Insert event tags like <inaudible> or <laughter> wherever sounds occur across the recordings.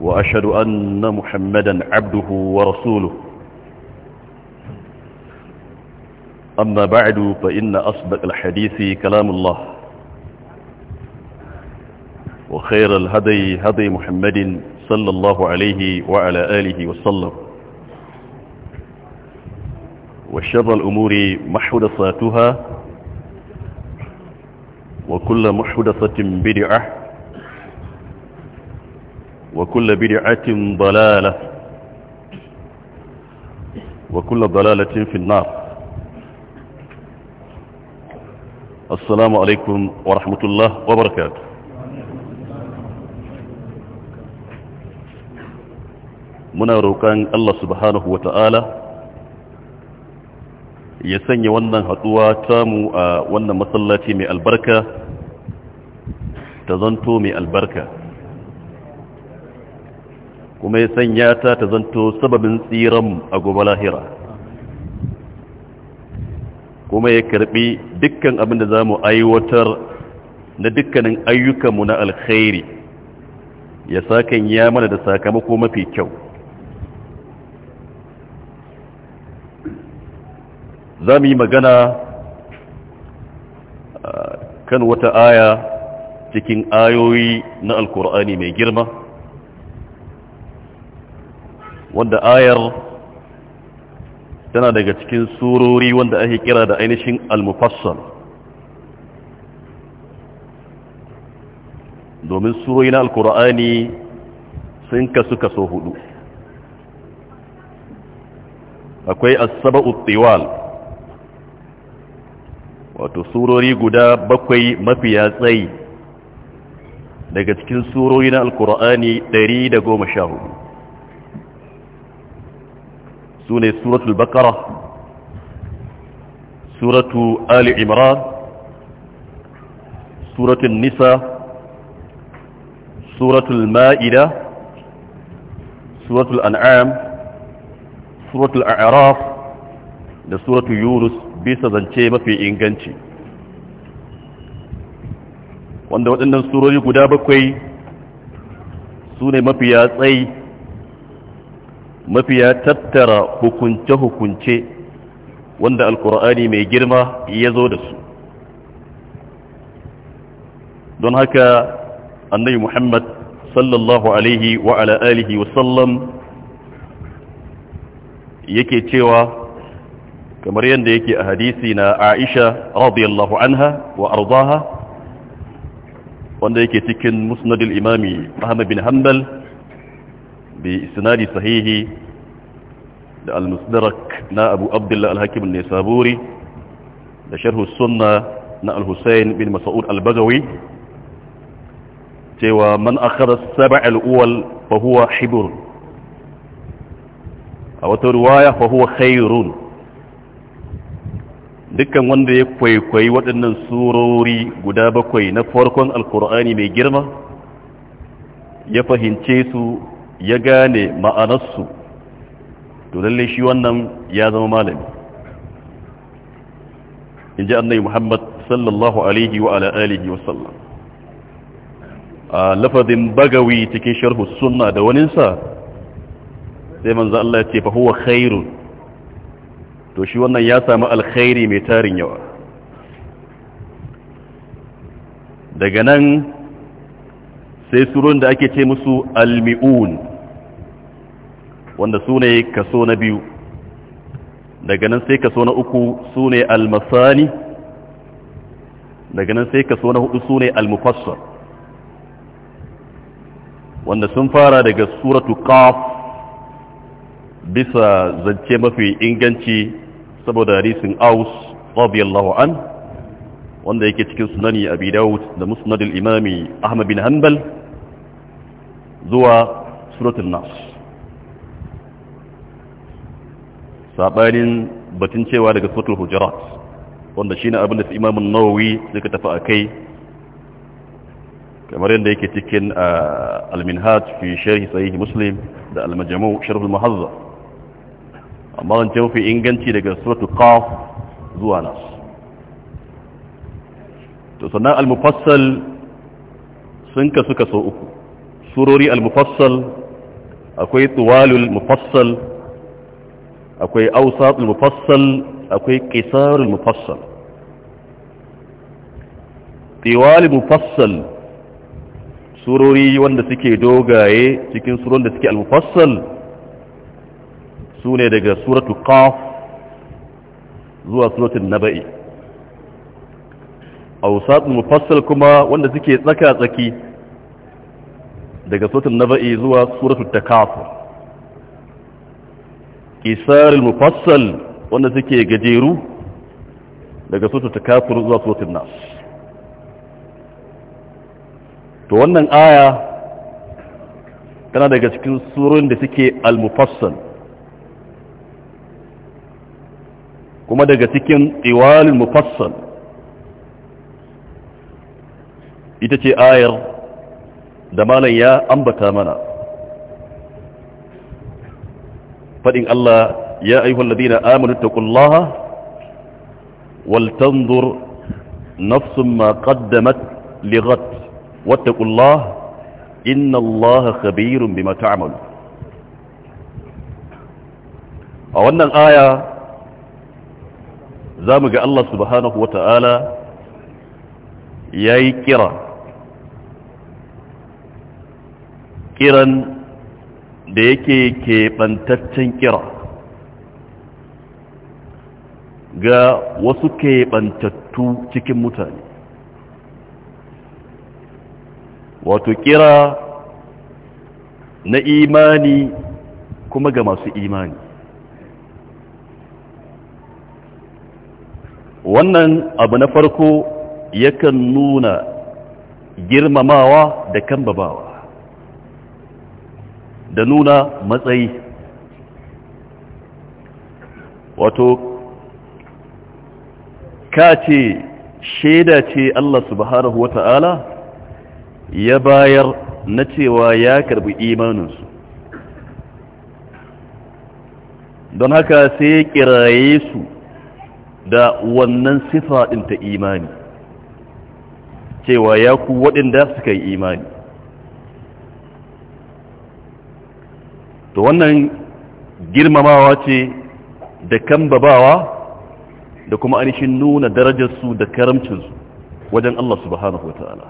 وأشهد أن محمدا عبده ورسوله أما بعد فإن أصدق الحديث كلام الله وخير الهدي هدي محمد صلى الله عليه وعلى آله وسلم وشر الأمور محدثاتها وكل محدثة بدعة وكل بدعة ضلالة وكل ضلالة في النار السلام عليكم ورحمة الله وبركاته muna roƙon Allah subhanahu wa ta'ala ya sanya wannan haɗuwa tamu a wannan masallaci mai albarka zanto mai albarka kuma ya sanya ta ta zanto sababin tsiran a gobe lahira kuma ya karbi dukkan abin da za mu aiwatar na dukkanin ayyukanmu na alkhairi ya sakan ya mana da sakamako mafi kyau za mu yi magana ah, kan wata aya cikin ayoyi na alkur'ani mai girma wanda ayar tana daga cikin surori wanda ake kira da ainihin al-mufassal domin surori na alkur'ani sun kasu kaso hudu akwai asaba'u tiwal wato surori guda bakwai mafiya tsayi daga cikin surori na sha 114 سنة سورة البقرة سورة آل عمران سورة النساء سورة المائدة سورة الأنعام سورة الأعراف سورة يونس bisa zance mafi inganci wanda waɗannan surori guda bakwai su ne mafiya tsayi mafiya tattara hukunce-hukunce wanda alkur'ani mai girma ya zo da su don haka annabi muhammad sallallahu alaihi wa ala wasallam yake cewa kamar yadda yake a hadisi na aisha radiyallahu anha wa arzaha wanda yake cikin musnadul imami ahmad bin hanbal bi isnadi sahihi da al-musdarak na abu abdullah al-hakim da sharh sunna na al bin mas'ud al-bagawi cewa man akhara as-sab' al-awwal fa a wata riwaya fa huwa dukkan wanda ya kwaikwayi waɗannan surori guda bakwai na farkon alkur'ani mai girma ya fahimce su ya gane ma'anarsu to lalle shi wannan ya zama malami in ji annai muhammad sallallahu alaihi wa ala alihi wa sallam a lafazin bagawi cikin sharhu sunna da waninsa sai manzo Allah ya ce fa huwa khairun to shi wannan ya sami alkhairi mai tarin yawa daga nan sai surun da ake ce musu almi'un wanda su ne kaso na biyu daga nan sai kaso na uku su ne almasani daga nan sai kaso na hudu su ne almufassar wanda sun fara daga suratu qaf bisa zance mafi inganci saboda hadisin aus radiyallahu anhu wanda yake cikin sunani abi dawud da musnadul imami ahmad bin hanbal zuwa suratul nas sabanin batun cewa daga suratul hujurat wanda shine abin da su imamu nawawi suka tafi akai kamar yadda yake cikin ah, al-minhaj fi sharh sahih muslim da al-majmu' sharh al-muhazzab amma zan mafi inganci daga suratul qaf zuwa nas to sannan al-mufassal sun ka suka so uku surori al-mufassal akwai tuwalul mufassal akwai awsatul mufassal akwai qisarul mufassal tiwalul mufassal surori wanda suke dogaye cikin suron da suke al-mufassal sune daga suratul qaf zuwa suratul naba'i awsat mufassal kuma wanda suke tsaka tsaki daga suratul naba'i zuwa suratul takafur kisarul mufassal wanda suke gajeru daga suratul takafur zuwa suratul nas to wannan aya tana daga cikin surun da suke al-mufassal kuma daga cikin iwalul mufassal ita ce ayar da malam ya ambata mana faɗin Allah ya ayyuhal ladina amanu taqullaha wal nafsun ma qaddamat lighat wattaqullaha inna Allaha khabirun bima ta'malu a wannan aya za mu ga Allah subhanahu wa ta'ala ya yi kira kiran da yake keɓantaccen kira ga wasu keɓantattu cikin mutane wato kira na imani kuma ga masu imani wannan abu na farko yakan nuna girmamawa da kambabawa da nuna matsayi wato ka ce shaida ce Allah subhanahu wa ta'ala ya bayar na cewa ya karbi imaninsu don haka sai ya kiraye su da wannan sifa ɗin ta imani cewa ya ku waɗanda suka yi imani to wannan girmamawa ce da kambabawa da kuma ainihin nuna darajarsu da karamcinsu wajen Allah subhanahu wata'ala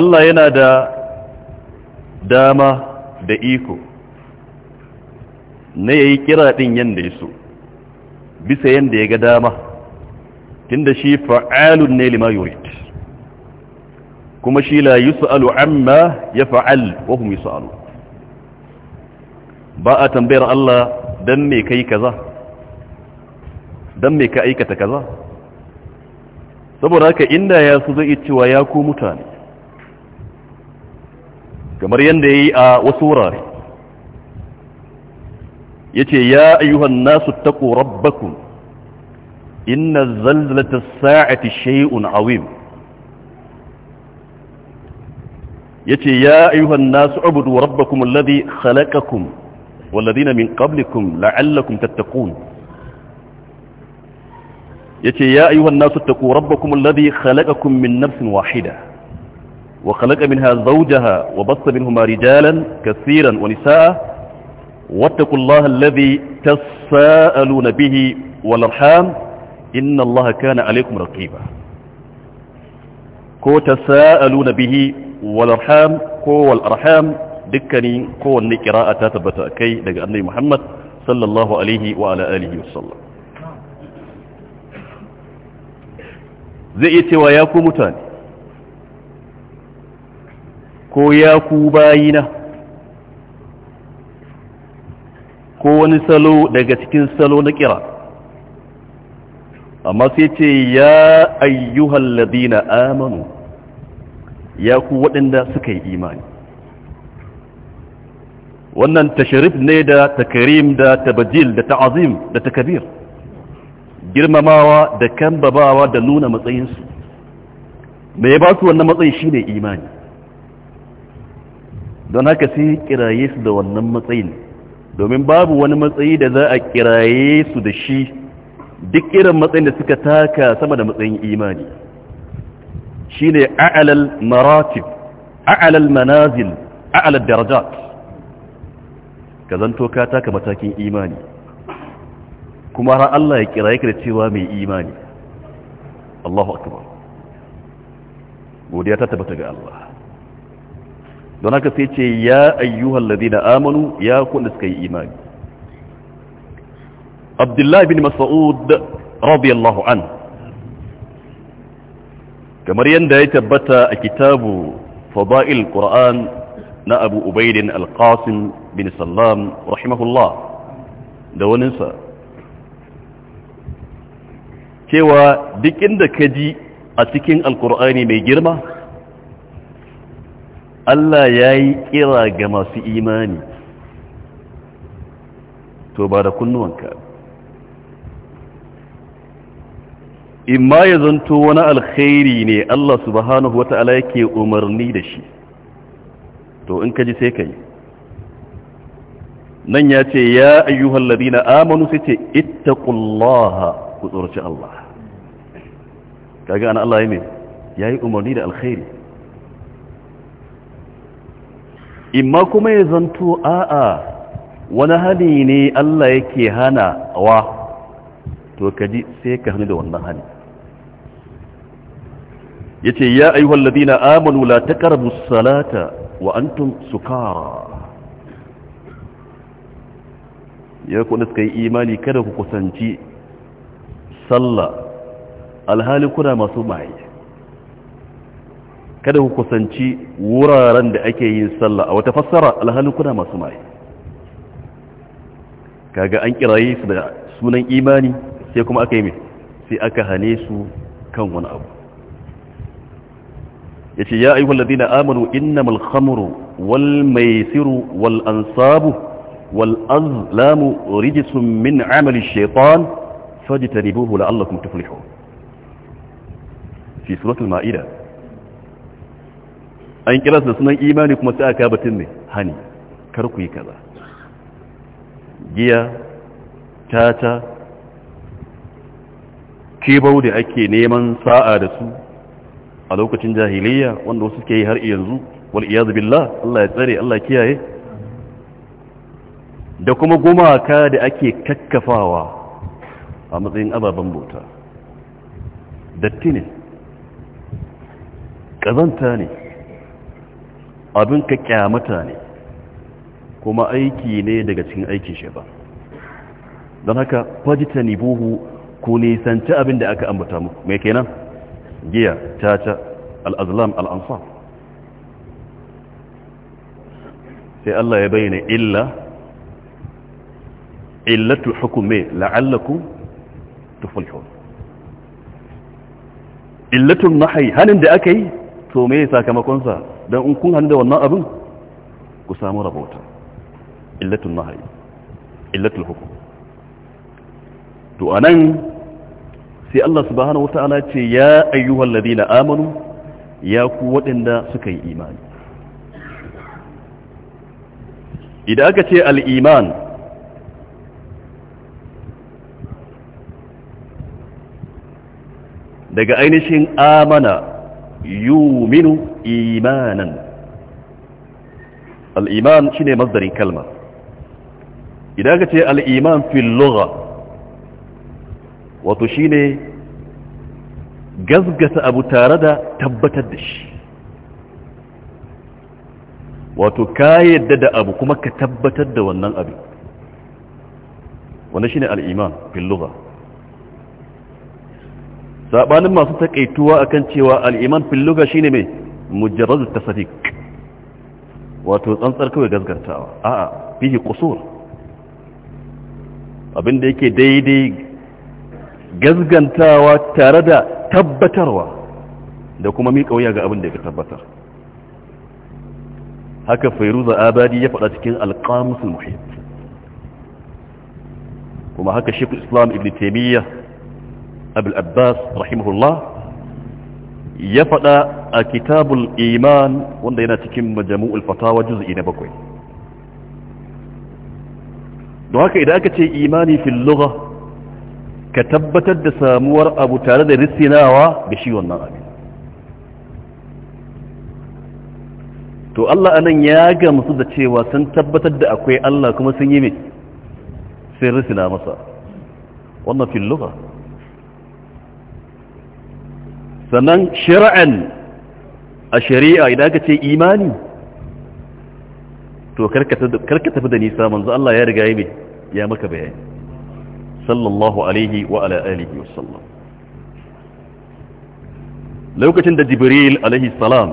Allah yana da dama da iko na yayi kira din yanda ya so bisa yanda ya ga dama tunda shi fa'alun ne lima kuma shi la yus'alu amma yaf'al wa hum yus'alu ba a tambayar Allah dan me kai kaza dan me ka aikata kaza saboda haka inda ya su zai cewa ya ku mutane kamar yadda ya yi a wasu wurare ya ce ya ayyuhan nasu taƙo rabbakun inna zalzalata sa'ati shay'un awim yace ya ayyuhan nasu ubudu rabbakum alladhi khalaqakum walladhina min qablikum la'allakum tattaqun yace ya ayyuhan nasu taqu rabbakum alladhi khalaqakum min nafsin wahida wa khalaqa minha zawjaha wa bassa minhuma rijalan katsiran wa nisaa واتقوا الله الذي تساءلون به والارحام إن الله كان عليكم رقيبا كو تساءلون به والأرحام كو والأرحام دكني كو النقراءة تثبت أكي لقى أني محمد صلى الله عليه وعلى آله وسلم زئت وياكو متاني ko ya ku bayina ko wani salo daga cikin salo na kira amma sai ce ya ayyuhal ladina amanu ya ku waɗanda suka yi imani wannan tasharif ne da takarim da tabajil da ta'azim da takabir girmamawa da kambabawa da nuna matsayinsu mai ba su wannan matsayi imani don haka sai kiraye su da wannan matsayin domin babu wani matsayi da za a kiraye su da shi duk irin matsayin da suka taka sama da matsayin imani shine a'lal maratib a'lal manazil a'lal darajat ka zanto ka taka matakin imani kuma har Allah ya kira yake da cewa mai imani Allahu akbar godiya ta tabbata ga Allah don haka sai ce ya ayyuhal ladina amanu ya kun suka yi imani Abdullahi bin Mas'ud radiyallahu anhu kamar yadda ya tabbata a kitabu fada'il qur'an na abu ubaidin alqasim bin sallam rahimahullah da waninsa cewa duk inda ka ji a cikin alkur'ani mai girma Allah ya yi kira ga masu imani to ba da kunnuwanka In ma ya zanto wani alkhairi ne Allah subhanahu wa ta'ala yake umarni da shi to in ka ji sai ka yi nan ya ce ya ayyuhal ladina amanu sai ce ittaqullaha ku tsorci Allah kaga ana Allah ya yayi umarni da alkhairi In ma kuma ya zanto a'a wani hali ne Allah yake hana wa to kaji sai ka hannu da wannan hali ce ya ayi ayyuhal na amanu la taqrabu salata wa antum sukara ya ku suka yi imani kada ku kusanci sallah alhali kuna masu maye kada ku kusanci wuraren da ake yin sallah a wata fassara alhali kuna masu maye kaga an kiraye su da sunan imani sai kuma aka yi mai sai aka hane su kan wani abu ya ce ya ayyukan ladina amuru innamal khamru wal maisiru wal ansabu wal azlamu rijisun min amali shaitan ta fajtanibuhu la'allakum tuflihun fi suratul ma'ida an kira da sunan imani kuma sai aka batun ne hani kar ku yi kaza giya tata kebau da ake neman sa'a da su a lokacin jahiliya wanda wasu suke yi har yanzu wal iyazu billah Allah ya tsare Allah kiyaye da kuma gumaka da ake kakkafawa a matsayin ababen bauta datti ne ƙazanta ne abin ka kyamata ne kuma aiki ne daga cikin aikin shi ba don haka fajita ni buhu ku nisanci abin da aka ambata mu mai kenan giya caca al'azlam al'amfa sai Allah ya bayyana illa illatu hukume la'allakum illatu illatun nahi hannun da aka yi to mai sakamakonsa don in kun hannu da wannan abin ku samu rabota illatun nahi illatu hukum to anan sai Allah subhanahu wata'ala ce ya ayyuhal ladina amanu ya ku waɗanda suka yi imani idan aka ce al'iman daga ainihin amana yuminu imanan al'iman shi ne mazdarin kalma idan aka ce al'iman fil lugha wato shi ne gasgasa abu tare da tabbatar da shi wato ka yadda da abu kuma ka tabbatar da wannan abin wanda shine al'iman filluga saɓanin masu taƙaituwa akan cewa al'iman filluga ne mai mujarrazu tasadiq wato tsantsar kawai gaskantawa a'a fihi qusur abinda yake daidai gazgantawa tare da tabbatarwa da kuma miƙa wuya ga abin da ya tabbatar haka fairuza abadi ya faɗa cikin alƙamusul muhit kuma haka shi islam ibn taimiyya abul abbas rahimahullah ya faɗa a kitabul iman wanda yana cikin majamu'ul fatawa juz'i na bakwai don haka idan aka ce imani fil lugha ka tabbatar da samuwar abu tare da risinawa da shi wannan abin to Allah anan ya gamsu da cewa sun tabbatar da akwai Allah kuma sun yi mai sai risina masa wannan filluka sannan shari'an a shari'a idan aka ce imani to karka tafi da nisa manzo Allah ya riga yi mai ya maka bayani صلى الله عليه وعلى آله وسلم لو كتن دا جبريل عليه السلام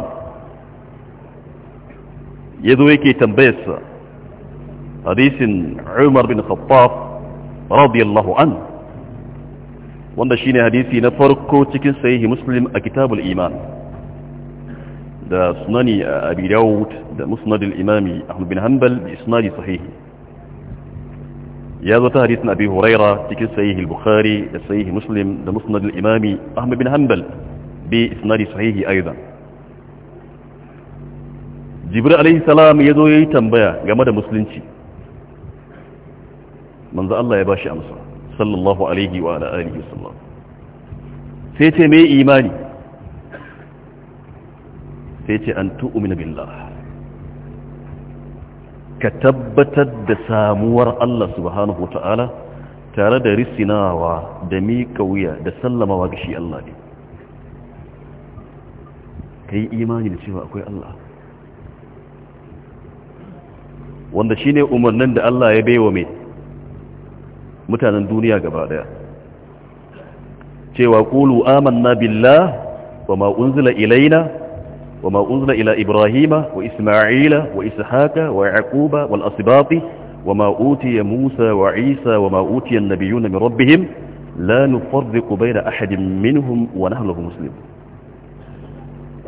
يذويكي تنبيس حديث عمر بن خطاب رضي الله عنه وانا شيني حديثي نفركو تكن سيه مسلم كتاب الإيمان دا سناني أبي داود دا مسند الإمام أحمد بن هنبل بإسناد صحيحي ya zo ta hadisin abi huraira cikin sahihi bukhari da sahihi muslim da musnad al-imami ahmad bin hanbal bi isnadi sahihi aidan jibril alayhi salam ya zo ya yi tambaya game da musulunci manzo Allah ya ba shi amsa sallallahu alayhi wa ala alihi wasallam sai ce me imani sai ce an tu'minu billah ka tabbatar da samuwar Allah subhanahu wa ta'ala tare da risinawa da miƙa wuya da sallamawa ga shi Allah ne ka yi imani da cewa akwai Allah wanda shi ne umarnin da Allah ya baiwa mai mutanen duniya gaba daya cewa ƙulu amanna billah wa ma ilaina وما أنزل إلى إبراهيم وإسماعيل وإسحاق ويعقوب والأصباط وما أوتي موسى وعيسى وما أوتي النبيون من ربهم لا نفرق بين أحد منهم ونحن له مسلم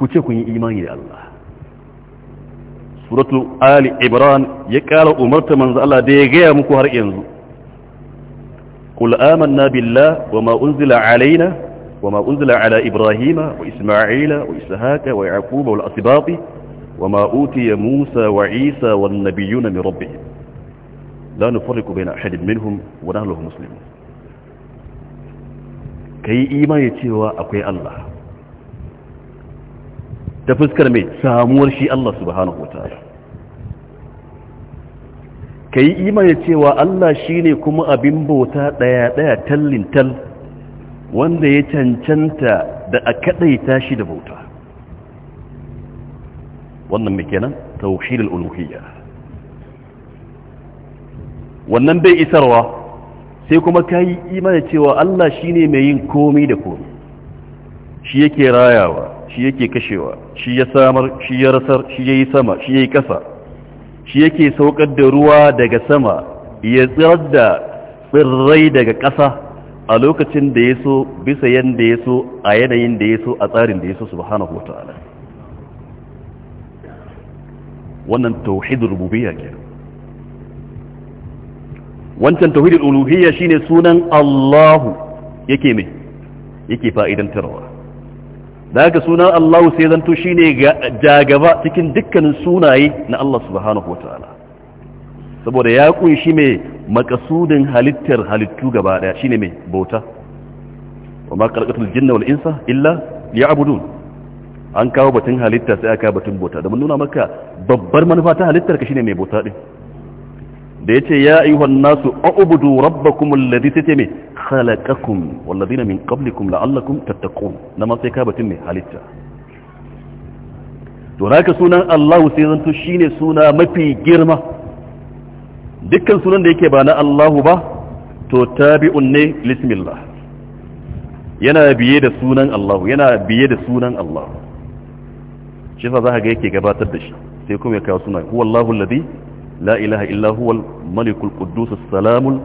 كتكون إلى الله سورة آل عبران يكال أمرت من manzo الله da ya gaya قل آمنا بالله وما أنزل علينا وما أنزل على إبراهيم وإسماعيل وإسحاق ويعقوب والأسباط وما أوتي موسى وعيسى والنبيون من ربهم لا نفرق بين أحد منهم ونحن له مسلمون كي إيما يتوى أقوي الله تفسكر مي سامور شي الله سبحانه وتعالى كي إيما يتوى الله شيني كما أبنبوتا ديا تل تل تل wanda ya cancanta da a kadaita shi da bauta wannan mai kenan tauhid al-uluhiyya wannan bai isarwa sai kuma kai imani cewa Allah shine mai yin komai da komai shi yake rayawa shi yake kashewa shi ya samar shi ya rasar shi yayi sama shi yayi kasa shi yake saukar da ruwa daga sama ya tsirar da tsirrai daga ƙasa a lokacin da ya so bisa yadda ya so a yanayin da ya so a tsarin da ya so subhanahu wa ta'ala wannan tauhidul rububiyya ke wancan tauhidul uluhiyya shine sunan Allahu yake mai yake fa'idantarwa da haka sunan Allahu sai zanto shine gaba cikin dukkanin sunaye na Allah subhanahu wa ta'ala saboda ya kunshi mai makasudin halittar halittu gaba daya shine mai bauta wa ma khalaqatul jinna wal insa illa liya'budun an kawo batun halitta sai aka batun bauta da mun nuna maka babbar manufa ta halittar ka shine mai bauta din da yace ya ayyuhan nasu a'budu rabbakum alladhi tatame khalaqakum wal ladina min qablikum la'allakum tattaqun ma sai ka batun mai halitta to haka sunan Allah sai zanto shine suna mafi girma dukkan sunan da yake ba na Allahu ba to tabi'un ne lismillah yana biye da sunan Allahu yana biye da sunan Allahu shi yasa zaka ga yake gabatar da shi sai kuma ya kawo sunan Allahu alladhi la ilaha illa huwal malikul quddus as-salamul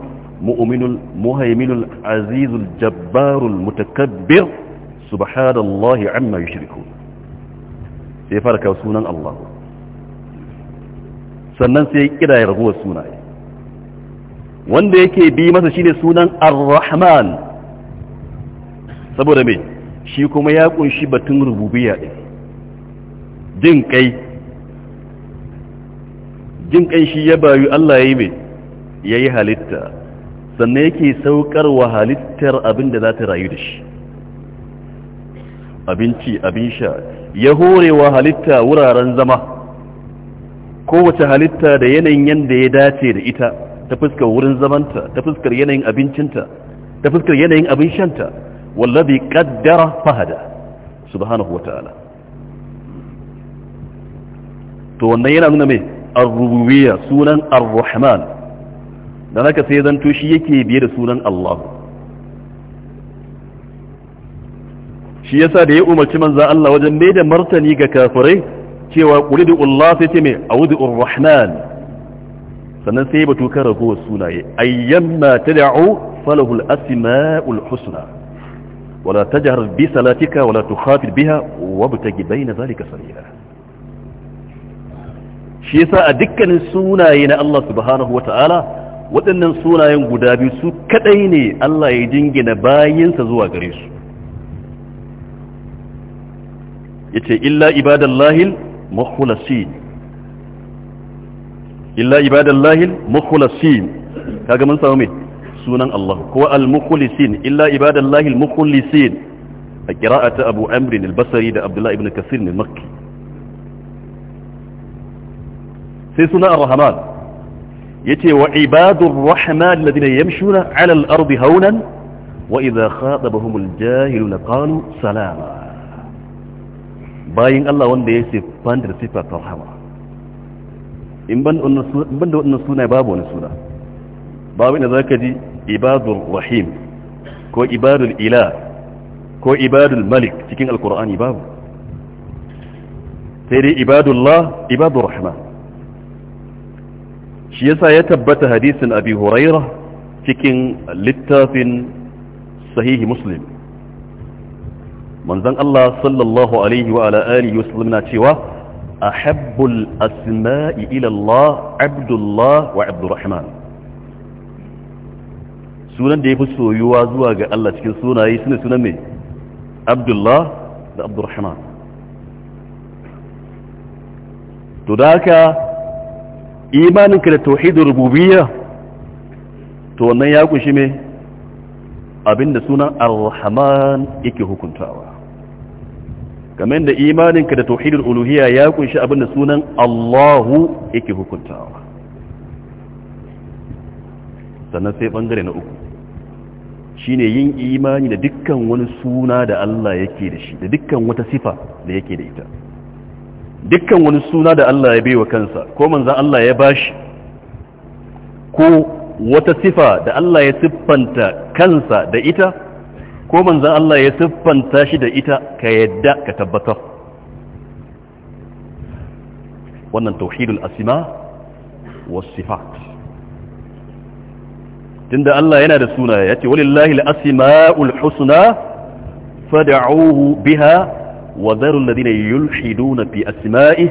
mu'minul muhayminul azizul jabbarul mutakabbir subhanallahi amma yushrikun sai fara kawo sunan Allahu sannan sai ya kira ya raguwar sunaye wanda yake bi masa shine sunan ar-rahman saboda me shi kuma ya kunshi batun rububiyya din jin kai jin kai shi ya bayu Allah yayi me yayi halitta sannan yake saukar wa halittar abin da za ta rayu da shi abinci abin sha ya hore wa halitta wuraren zama kowace halitta da yanayin yadda ya dace da ita ta fuskar wurin zamanta ta fuskar yanayin abincinta ta fuskar yanayin abin shanta wallazi qaddara fahada subhanahu to wannan yana nuna mai ar sunan ar-rahman dan sai zanto shi yake biye da sunan Allah shi yasa da ya umarci manzan Allah wajen mai da martani ga kafirai cewa qul du'u Allah sai ce mai a'udhu rahman sannan sai batu kan ragowar sunaye ta tad'u falahul asma'ul husna wala jihar bi salatika wala tukhafid biha wabtagi bayna zalika sabila shi yasa a dukkanin sunaye na Allah subhanahu ta'ala waɗannan sunayen guda biyu su kadai ne Allah ya jingina bayansa zuwa gare su yace illa ibadallahi mukhlisin illa ibadallahi al-mukhlasin kaga mun samu me sunan Allah ko al-mukhlasin illa ibadallahi al-mukhlasin a qira'ata Abu Amr al-Basri da Abdullah ibn Kathir al-Makki sai sunan ar-Rahman yace wa ibadur rahman alladhina yamshuna 'ala al-ardi hawnan wa idha khatabahum al-jahiluna qalu salama bayin Allah wanda ya siffanta da sifatar rahama in ban da waɗannan suna babu wani suna babu inda za ka ji ibadul rahim ko ibadul ila ko ibadul malik cikin alkur'ani babu sai dai ibadullah ibadul rahman shi yasa ya tabbata hadisin abi huraira cikin littafin sahihi muslim manzon Allah sallallahu alaihi wa ala alihi wasallam na cewa أحب الأسماء إلى الله عبد الله وعبد الرحمن سنة دي فسو يوازوا الله تكن سنة يسنة سنة مي عبد الله وعبد الرحمن تداك إيمانك لتوحيد الربوبية to wannan ya kunshi me abinda sunan ar-rahman yake kamar da imaninka da tauhidul uluhiyya ya kunshi abin da sunan Allahu yake hukuntawa sannan sai bangare na uku shine yin imani da dukkan wani suna da Allah yake da shi da dukkan wata sifa da yake da ita dukkan wani suna da Allah ya baiwa kansa ko manzan Allah ya bashi ko wata sifa da Allah ya siffanta kansa da ita ko manzan Allah ya siffanta shi da ita ka yadda ka tabbatar wannan tauhidul asima was sifat tunda Allah yana da sunaye yace walillahi al-asmaul husna fad'uhu biha wa dharu alladhina yulhiduna bi asma'ihi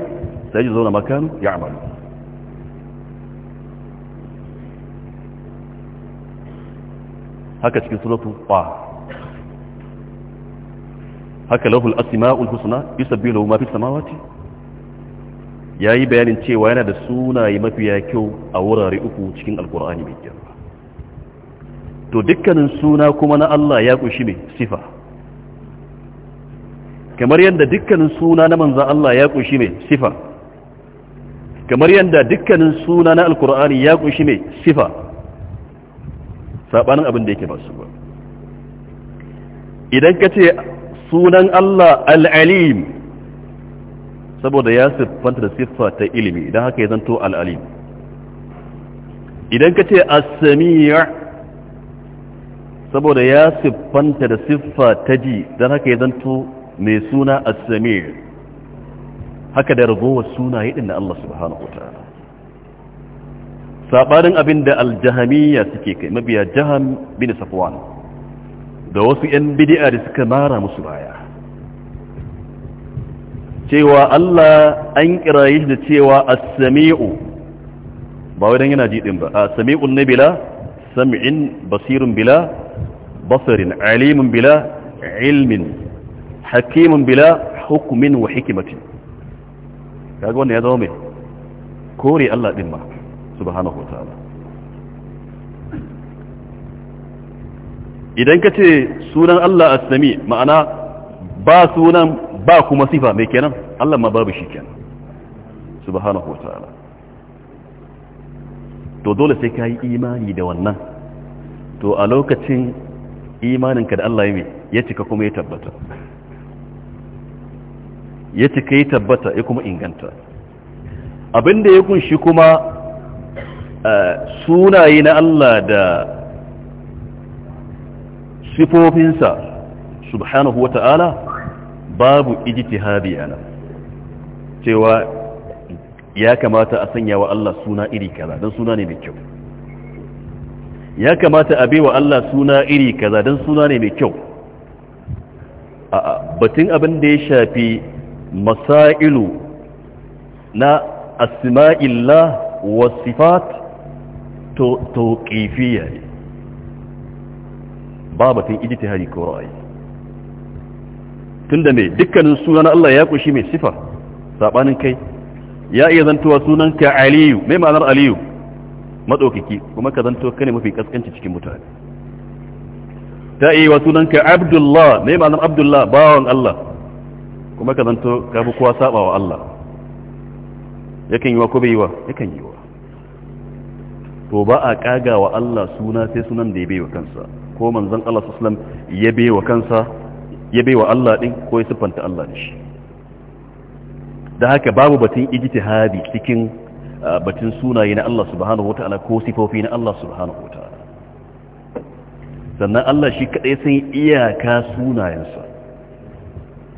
sayajzuna makan ya'malu haka cikin suratul qaf haka lahul asma'ul husna yusabbihu ma fis samawati yayi bayanin cewa yana da sunaye mafiya kyau a wurare uku cikin alqur'ani mai girma to dukkanin suna kuma na Allah ya kunshi ne sifa kamar yadda dukkanin suna na manzan Allah ya kunshi ne sifa kamar yadda dukkanin suna na alkur'ani ya kunshi ne sifa sabanin abin da yake ba su ba idan ka ce sunan Allah al'alim saboda ya siffanta da siffa ta ilimi idan haka ya zanto al'alim idan ka ce asamiya saboda ya siffanta da siffa ta ji don haka ya zanto mai suna asamiya haka da ragowar sunaye din na Allah subhanahu wa ta'ala saɓanin abin da aljahamiya suke kai mabiya jahan bin safwan da wasu 'yan bidi'a da suka mara musu baya cewa Allah an kiraye da cewa as-sami'u ba wai dan yana ji din ba as-sami'un nabila sam'in basirun bila basarin alimun bila ilmin hakimun bila hukumin wa hikimatin kaga wannan ya zama mai kore Allah din ma subhanahu wa idan ka ce sunan Allah as-sami ma'ana ba sunan ba kuma sifa mai kenan Allah ma babu shi kenan subhanahu wa ta'ala to dole sai ka yi imani da wannan to a lokacin imaninka da Allah ya ya cika kuma ya tabbata ya cika ya tabbata ya kuma inganta abinda ya kunshi kuma eh, sunaye na Allah da sifofinsa subhanahu wa ta'ala babu ijtihadi ana cewa ya kamata a sanya wa Allah suna iri kaza don suna ne mai kyau ya kamata a baiwa Allah suna iri kaza don suna ne mai kyau a batun abin da ya shafi masailu na asma'illah wa sifat to kifiyya ne ba batun ijtihadi ko ra'ayi tunda me dukkanin sunan Allah ya kushi mai sifa sabanin kai ya iya zantowa sunanka aliyu mai ma'anar aliyu madaukaki kuma ka zanto kane mafi kaskanci cikin mutane ta iya wa sunanka ka abdullah mai ma'anar abdullah bawan Allah kuma ka zanto ka fi kowa sabawa Allah yakan yi wa ko bai yi wa yakan yi wa to ba a kaga wa Allah suna sai sunan da ya bai wa kansa ko manzon Allah sallallahu alaihi ya baiwa kansa ya baiwa Allah din ko ya siffanta Allah da shi da haka babu batun ijtihadi cikin uh, batun sunaye na Allah subhanahu wataala ko sifofi na Allah subhanahu wataala sannan Allah shi kadai san iyaka sunayensa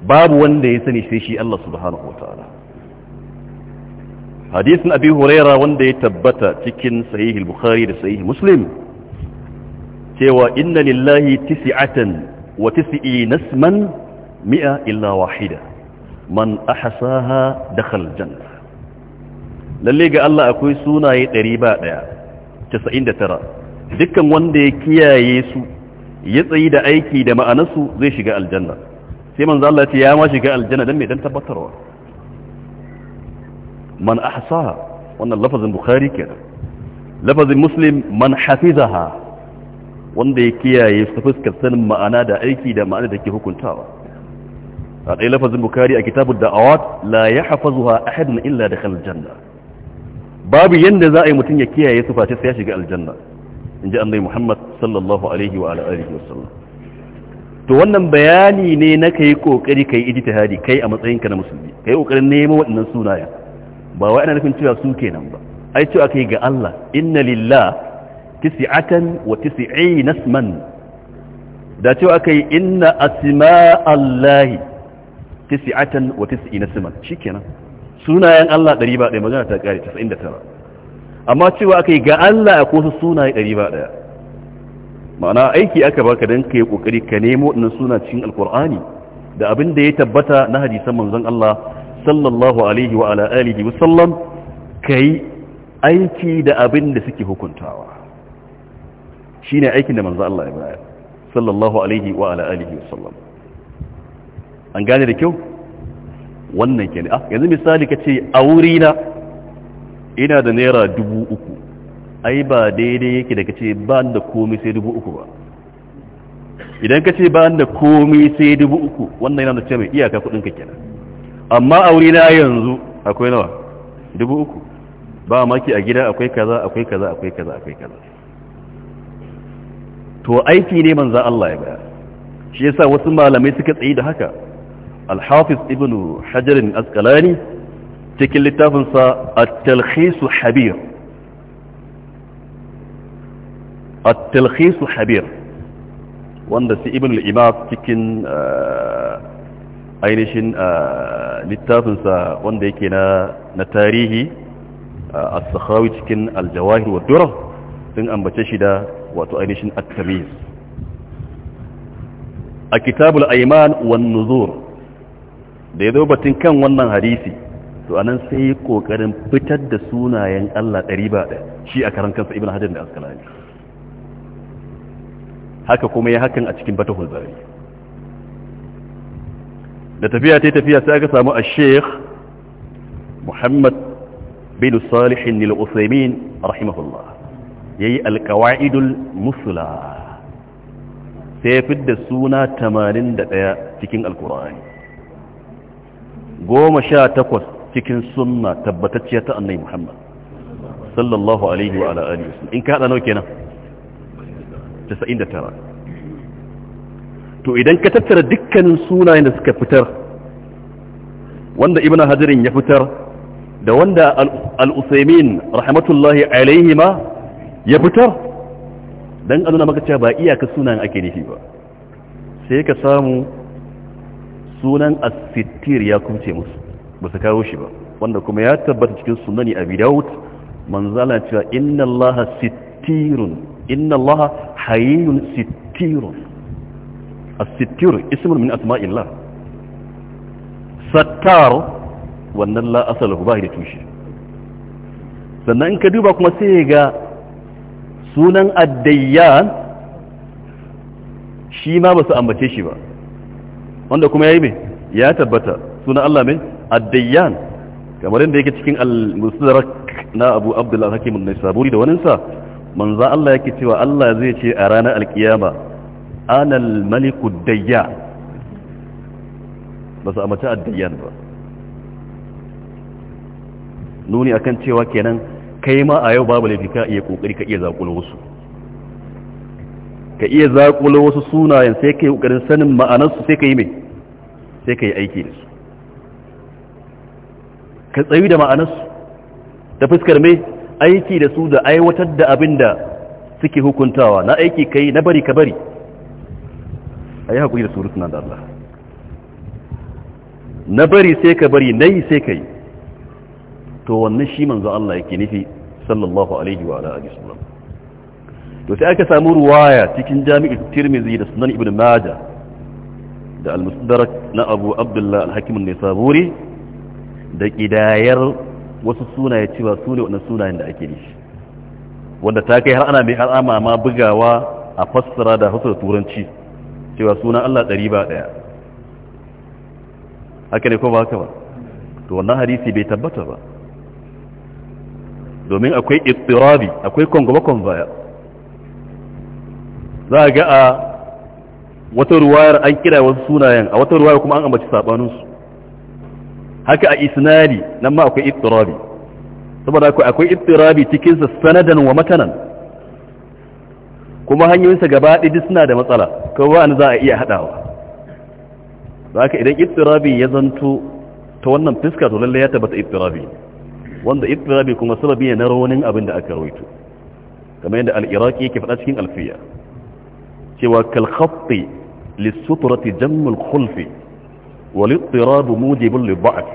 babu wanda ya sani sai shi Allah subhanahu wataala hadisin abi huraira wanda ya tabbata cikin sahih al-bukhari da sahih muslim cewa inna lillahi tis'atan wa tis'ina nasman mi'a illa wahida man ahsaha dakhal janna lalle ga Allah akwai sunaye 199 dukkan wanda ya kiyaye su ya tsayi da aiki da ma'anarsu zai shiga aljanna sai manzo Allah ce ya ma shiga aljanna dan me dan tabbatarwa man ahsaha wannan lafazin bukhari kenan lafazin muslim man hafizaha wanda ya kiyaye su fuskar sanin ma'ana da aiki da ma'ana da ke hukuntawa a ɗaya lafazin bukari a da da'awat la ya hafazuha ahadun illa da aljanna babu yadda za a yi mutum ya kiyaye su face sai ya shiga aljanna in ji annai muhammad sallallahu alaihi wa wa sallam to wannan bayani ne na kai kokari kai ijtihadi kai a ka na musulmi kai kokarin neman waɗannan sunayen ba wai ana nufin cewa su kenan ba ai cewa kai ga Allah inna lilla. tis'atan wa tis'ina isman da cewa akai inna asma'allahi tis'atan wa tis'ina isman shikenan sunayen Allah 100 ba ɗaya magana ta kare 99 amma cewa akai ga Allah akwai su sunaye 100 ba ɗaya ma'ana aiki aka baka dan kai kokari ka nemo ɗin suna cikin alkur'ani da abin da ya tabbata na hadisan manzon Allah sallallahu alaihi wa ala alihi wa sallam kai aiki da abin da suke hukuntawa Shi ne aikin da manzo Allah ya bayar sallallahu alaihi wa ala alihi sallam an gane da kyau wannan kenan ah yanzu misali kace a wuri na ina da naira dubu uku ai ba daidai yake da kace ba da komai sai dubu uku ba idan ka ce bayan da komai sai dubu uku wannan yana da ce mai iyaka kudin ka kenan amma a wuri na yanzu akwai nawa dubu uku ba maki a gida akwai kaza akwai kaza akwai kaza akwai kaza to aiki ne manzan Allah ya bayar shi yasa wasu malamai suka tsaye da haka al-hafiz ibn hajar al cikin littafinsa at-talkhis habir at-talkhis habir wanda su ibn al cikin eh, ainihin eh, littafinsa wanda yake na na tarihi eh, a sakhawi cikin al-jawahir wa durr sun ambace shi da wato ainihin at-tamiz a kitabul ayman wan nuzur da yazo batun kan wannan hadisi to anan sai kokarin fitar da sunayen Allah 100 shi a karan kansa ibn hajar da askalani haka kuma ya hakan a cikin batahul bari da tafiya ta tafiya sai aka samu a sheikh muhammad bin salih al-usaymin rahimahullah ya yi alkawa'idul musula sai da suna 81 cikin alkur'ani goma sha takwas cikin suna tabbatacciya ta annai muhammad sallallahu alaihi wa ala'ali in ka haɗa nau kenan 99 to idan ka tattara dukkanin sunayen da suka fitar wanda ibn hajarin ya fitar da wanda al'usaimin rahmatullahi alaihima ya fitar don a nuna maka cewa ba iyaka sunan ake nufi ba sai ka samu sunan sitir ya kumce musu ba su kawo shi ba wanda kuma ya tabbata cikin sunani abi dawud manzala cewa inna allaha sittirun inna allaha hayyun sittirun asittir ismun min asma'illah sattar wannan la asalu ba da tushe sannan in ka duba kuma sai ga sunan addayyan shi ma ba su ambace shi ba wanda kuma ya yi mai ya tabbata sunan Allah mai addayyan kamar yadda yake cikin al-musdarak na abu abdullahi hakimun na saburi da waninsa manza Allah yake cewa Allah zai ce a ranar alkiyama anal maliku dayya ba su ambace addayyan ba nuni akan cewa kenan kai ma a yau babu laifi ka iya kokari ka iya zakulo wasu ka iya zakulo wasu sunayen sai kai kokarin sanin su sai kai mai sai kai aiki da su ka tsayi da su ta fuskar mai aiki da su da aiwatar da abin da suke hukuntawa na aiki kai na bari ka bari a yi haƙuri da surutun da Allah na bari sai ka bari na yi sai ka yi to wannan shi manzo Allah yake nufi sallallahu alaihi wa alihi wasallam to sai aka samu ruwaya cikin jami'u Tirmidhi da Sunan Ibn Majah da al-Mustadrak na Abu Abdullah al-Hakim an-Nisaburi da kidayar wasu sunaye cewa sune wannan sunayen da ake nishi wanda ta kai har ana mai al'ama ma bugawa a fassara da hausa turanci cewa suna Allah ɗari ba ɗaya haka ne ko ba haka ba to wannan hadisi bai tabbata ba domin akwai istirabi akwai kwangwabakon baya za a ga a wata ruwayar an kira wasu sunayen a wata ruwayar kuma an ambaci sabaninsu haka a isnadi nan ma akwai istirabi saboda akwai istirabi cikinsa sanadan wa matanan kuma hanyoyinsa gaba ɗaya suna da matsala kawai wani za a iya haɗawa za ka idan istirabi ya zanto ta wannan fiska to lallai ya tabbata istirabi ne wanda ittirabi kuma sababi ne na raunin abin da aka rawaito kamar yadda al-iraqi yake faɗa cikin alfiya cewa kal khatti lisutrati sutrati khulfi wal ittirab mujibun lil ba'd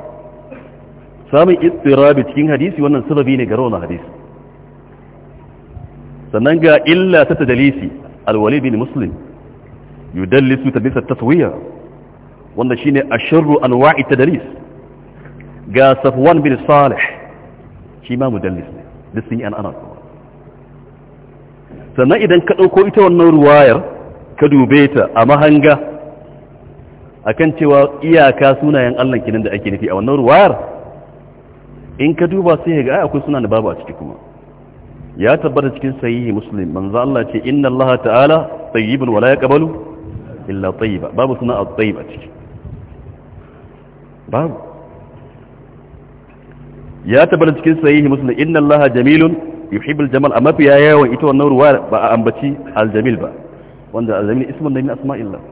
sami ittirab cikin hadisi wannan sababi ne ga raunin hadisi sannan ga illa ta tadalisi al-walid bin muslim yudallisu tadlis at-taswiya wanda shine asharru anwa'i tadlis ga safwan bin salih shi ma mudallis ne duk sun yi an ana kuma sannan idan ka ɗauko ita wannan ruwayar ka dube ta a mahanga akan cewa iyaka sunayen Allah kinan da ake nufi a wannan ruwayar in ka duba sai ga ai akwai sunan da babu a ciki kuma ya tabbata cikin sahihi muslim manzo Allah ce inna Allah ta'ala tayyibun wa la yaqbalu illa tayyiba babu sunan at-tayyib a ciki babu ya tabbata cikin sahihi muslim inna allaha jamilun yuhibbul jamal amma fi yawan ita wannan ruwa ba a ambaci aljamil ba wanda aljamil ismun min asma'illah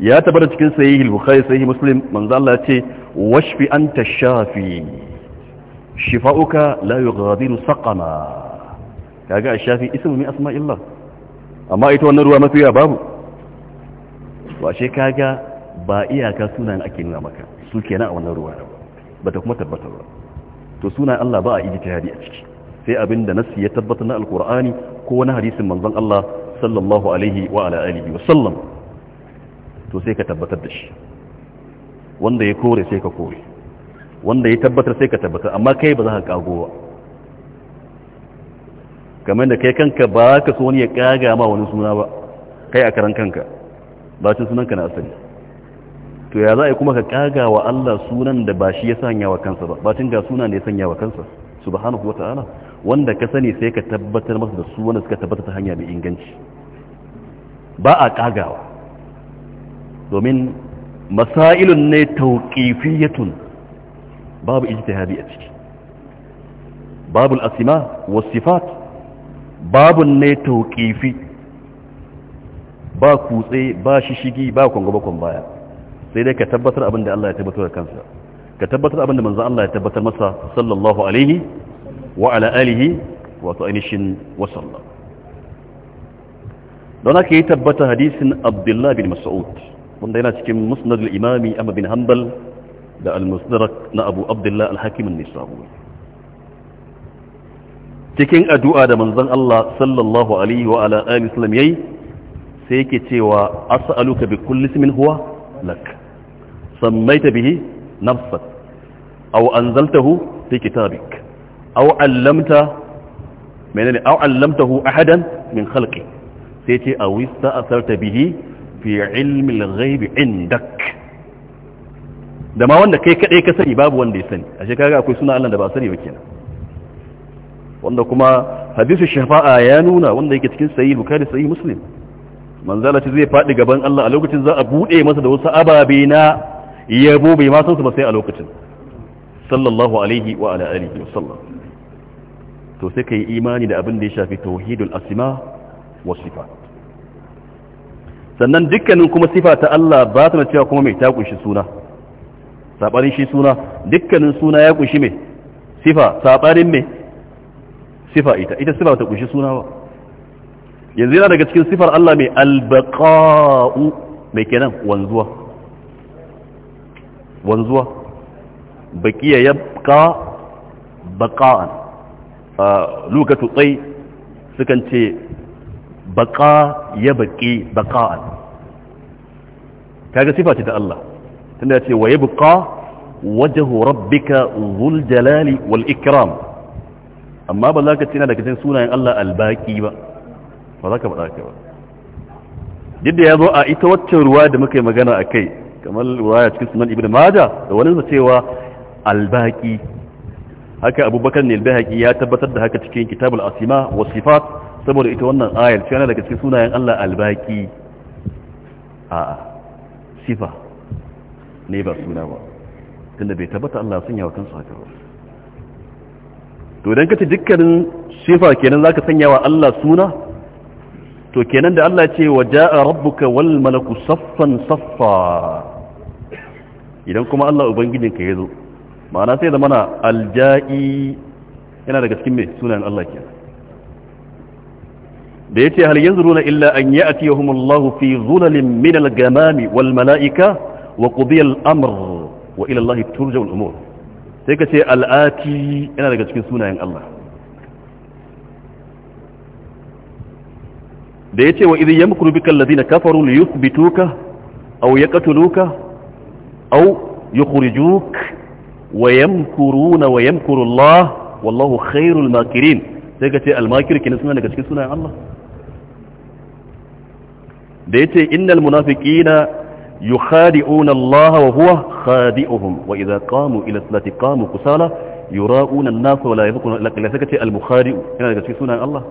ya tabbata cikin sahihi bukhari sahihi muslim manzo Allah ya ce washfi anta shafi shifauka la yughadiru saqama kaga ash-shafi ismun min asma'illah amma ita wannan ruwa mafiya babu washe kaga ba iyaka sunan ake nuna maka su kenan a wannan ruwa ba ta kuma tabbatar ba to suna Allah ba a ijtihadi a ciki sai abin da nasi ya tabbata na alkur'ani ko wani hadisin manzon Allah sallallahu alaihi wa ala alihi wa sallam to sai ka tabbatar da shi wanda ya kore sai ka kore wanda ya tabbatar sai ka tabbatar amma kai ba za ka kago ba kamar da kai kanka ba ka so wani ya kaga ma wani suna ba kai a karan kanka ba bacin sunanka na asali to ya za a yi kuma ka kaga wa Allah sunan da ba shi ya sanya wa kansa ba batun ga sunan da ya sanya wa kansa subhanahu ta'ala wanda ka sani sai ka tabbatar masa da su wanda suka tabbata ta hanya mai inganci ba a kagawa domin masailun ne tauqifiyatun babu ijtihadi a ciki babul asma wasifat sifat babun ne tauqifi ba kutse ba shishigi ba kwan baya sai dai ka tabbatar abin da Allah ya tabbatar kansa ka tabbatar abin da manzo Allah ya tabbatar masa sallallahu alaihi wa ala alihi wa ta'anishin wa sallam don haka yi tabbata hadisin Abdullah bin Mas'ud wanda yana cikin musnad al-Imami amma bin Hanbal da al-Musnad na Abu Abdullah al-Hakim an-Nisabi cikin addu'a da manzon Allah sallallahu alaihi wa ala alihi sallam yayi sai yake cewa as'aluka bi kulli ismin huwa lak sammaita bihi nafsat aw anzaltahu fi kitabik aw allamta menene aw allamtahu ahadan min khalqi sai ce aw ista'tharta bihi fi ilmi al-ghaib indak da ma wanda kai kadai ka sani babu wanda ya sani ashe kaga akwai suna Allah da ba sani ba kenan wanda kuma hadisu shafa'a ya nuna wanda yake cikin sahih bukhari sahih muslim manzala ce zai faɗi gaban Allah a lokacin za a buɗe masa da wasu ababe na yabo bai ma san su ba sai a lokacin sallallahu alaihi wa ala alihi wa sallam to sai kai imani da abin da ya shafi tauhidul asma wa sifat sannan dukkanin kuma sifa ta Allah ba ta na cewa kuma mai ta kunshi suna sabarin shi suna dukkanin suna ya kunshi mai sifa sabarin mai sifa ita ita sifa ta kunshi suna ba yanzu yana daga cikin sifar Allah mai albaqa'u mai kenan wanzuwa wanzuwa baqiya yabqa baqa'an lokacin tsai sukan ce baqa ya baqi baqa'an kaga sifa ce ta Allah tunda ce wa yabqa wajhu rabbika dhul jalali wal ikram amma ba za ka ce na daga cikin sunayen Allah albaki ba ba za ka faɗa ka ba yadda ya zo a ita waccan ruwa da muka yi magana a kai kamar ruwaya cikin sunan ibn maja da wani cewa albaki haka abubakar ne albaki ya tabbatar da haka cikin kitabul asima wa sifat saboda ita wannan ayar cewa daga cikin sunayen Allah albaki a sifa ne ba suna ba tunda bai tabbata Allah sun yawa kansu haka ba to idan ka ce dukkanin sifa kenan zaka sanya wa Allah suna to kenan da Allah ce wa ja'a rabbuka wal malaku saffan saffa idan kuma Allah ubangijin ka yazo ma'ana sai da mana alja'i yana daga cikin mai sunan Allah ke da yace hal yanzuruna illa an ya'tiyahum Allah fi zulalin min al-gamami wal mala'ika wa qudiya al wa ila turja al-umur sai ka ce al'ati yana daga cikin sunayen Allah da ce wa idh yamkuru bika alladhina kafaru liyuthbituka aw yaqtuluka أو يخرجوك ويمكرون ويمكر الله والله خير الماكرين سيكتي الماكر كنا سنة نكتك سنة يا الله ديتي إن المنافقين يخادعون الله وهو خادئهم وإذا قاموا إلى الصلاة قاموا كسالى يراؤون الناس ولا يذكرون إلا سيكتي المخادئ كنا نكتك سنة يا الله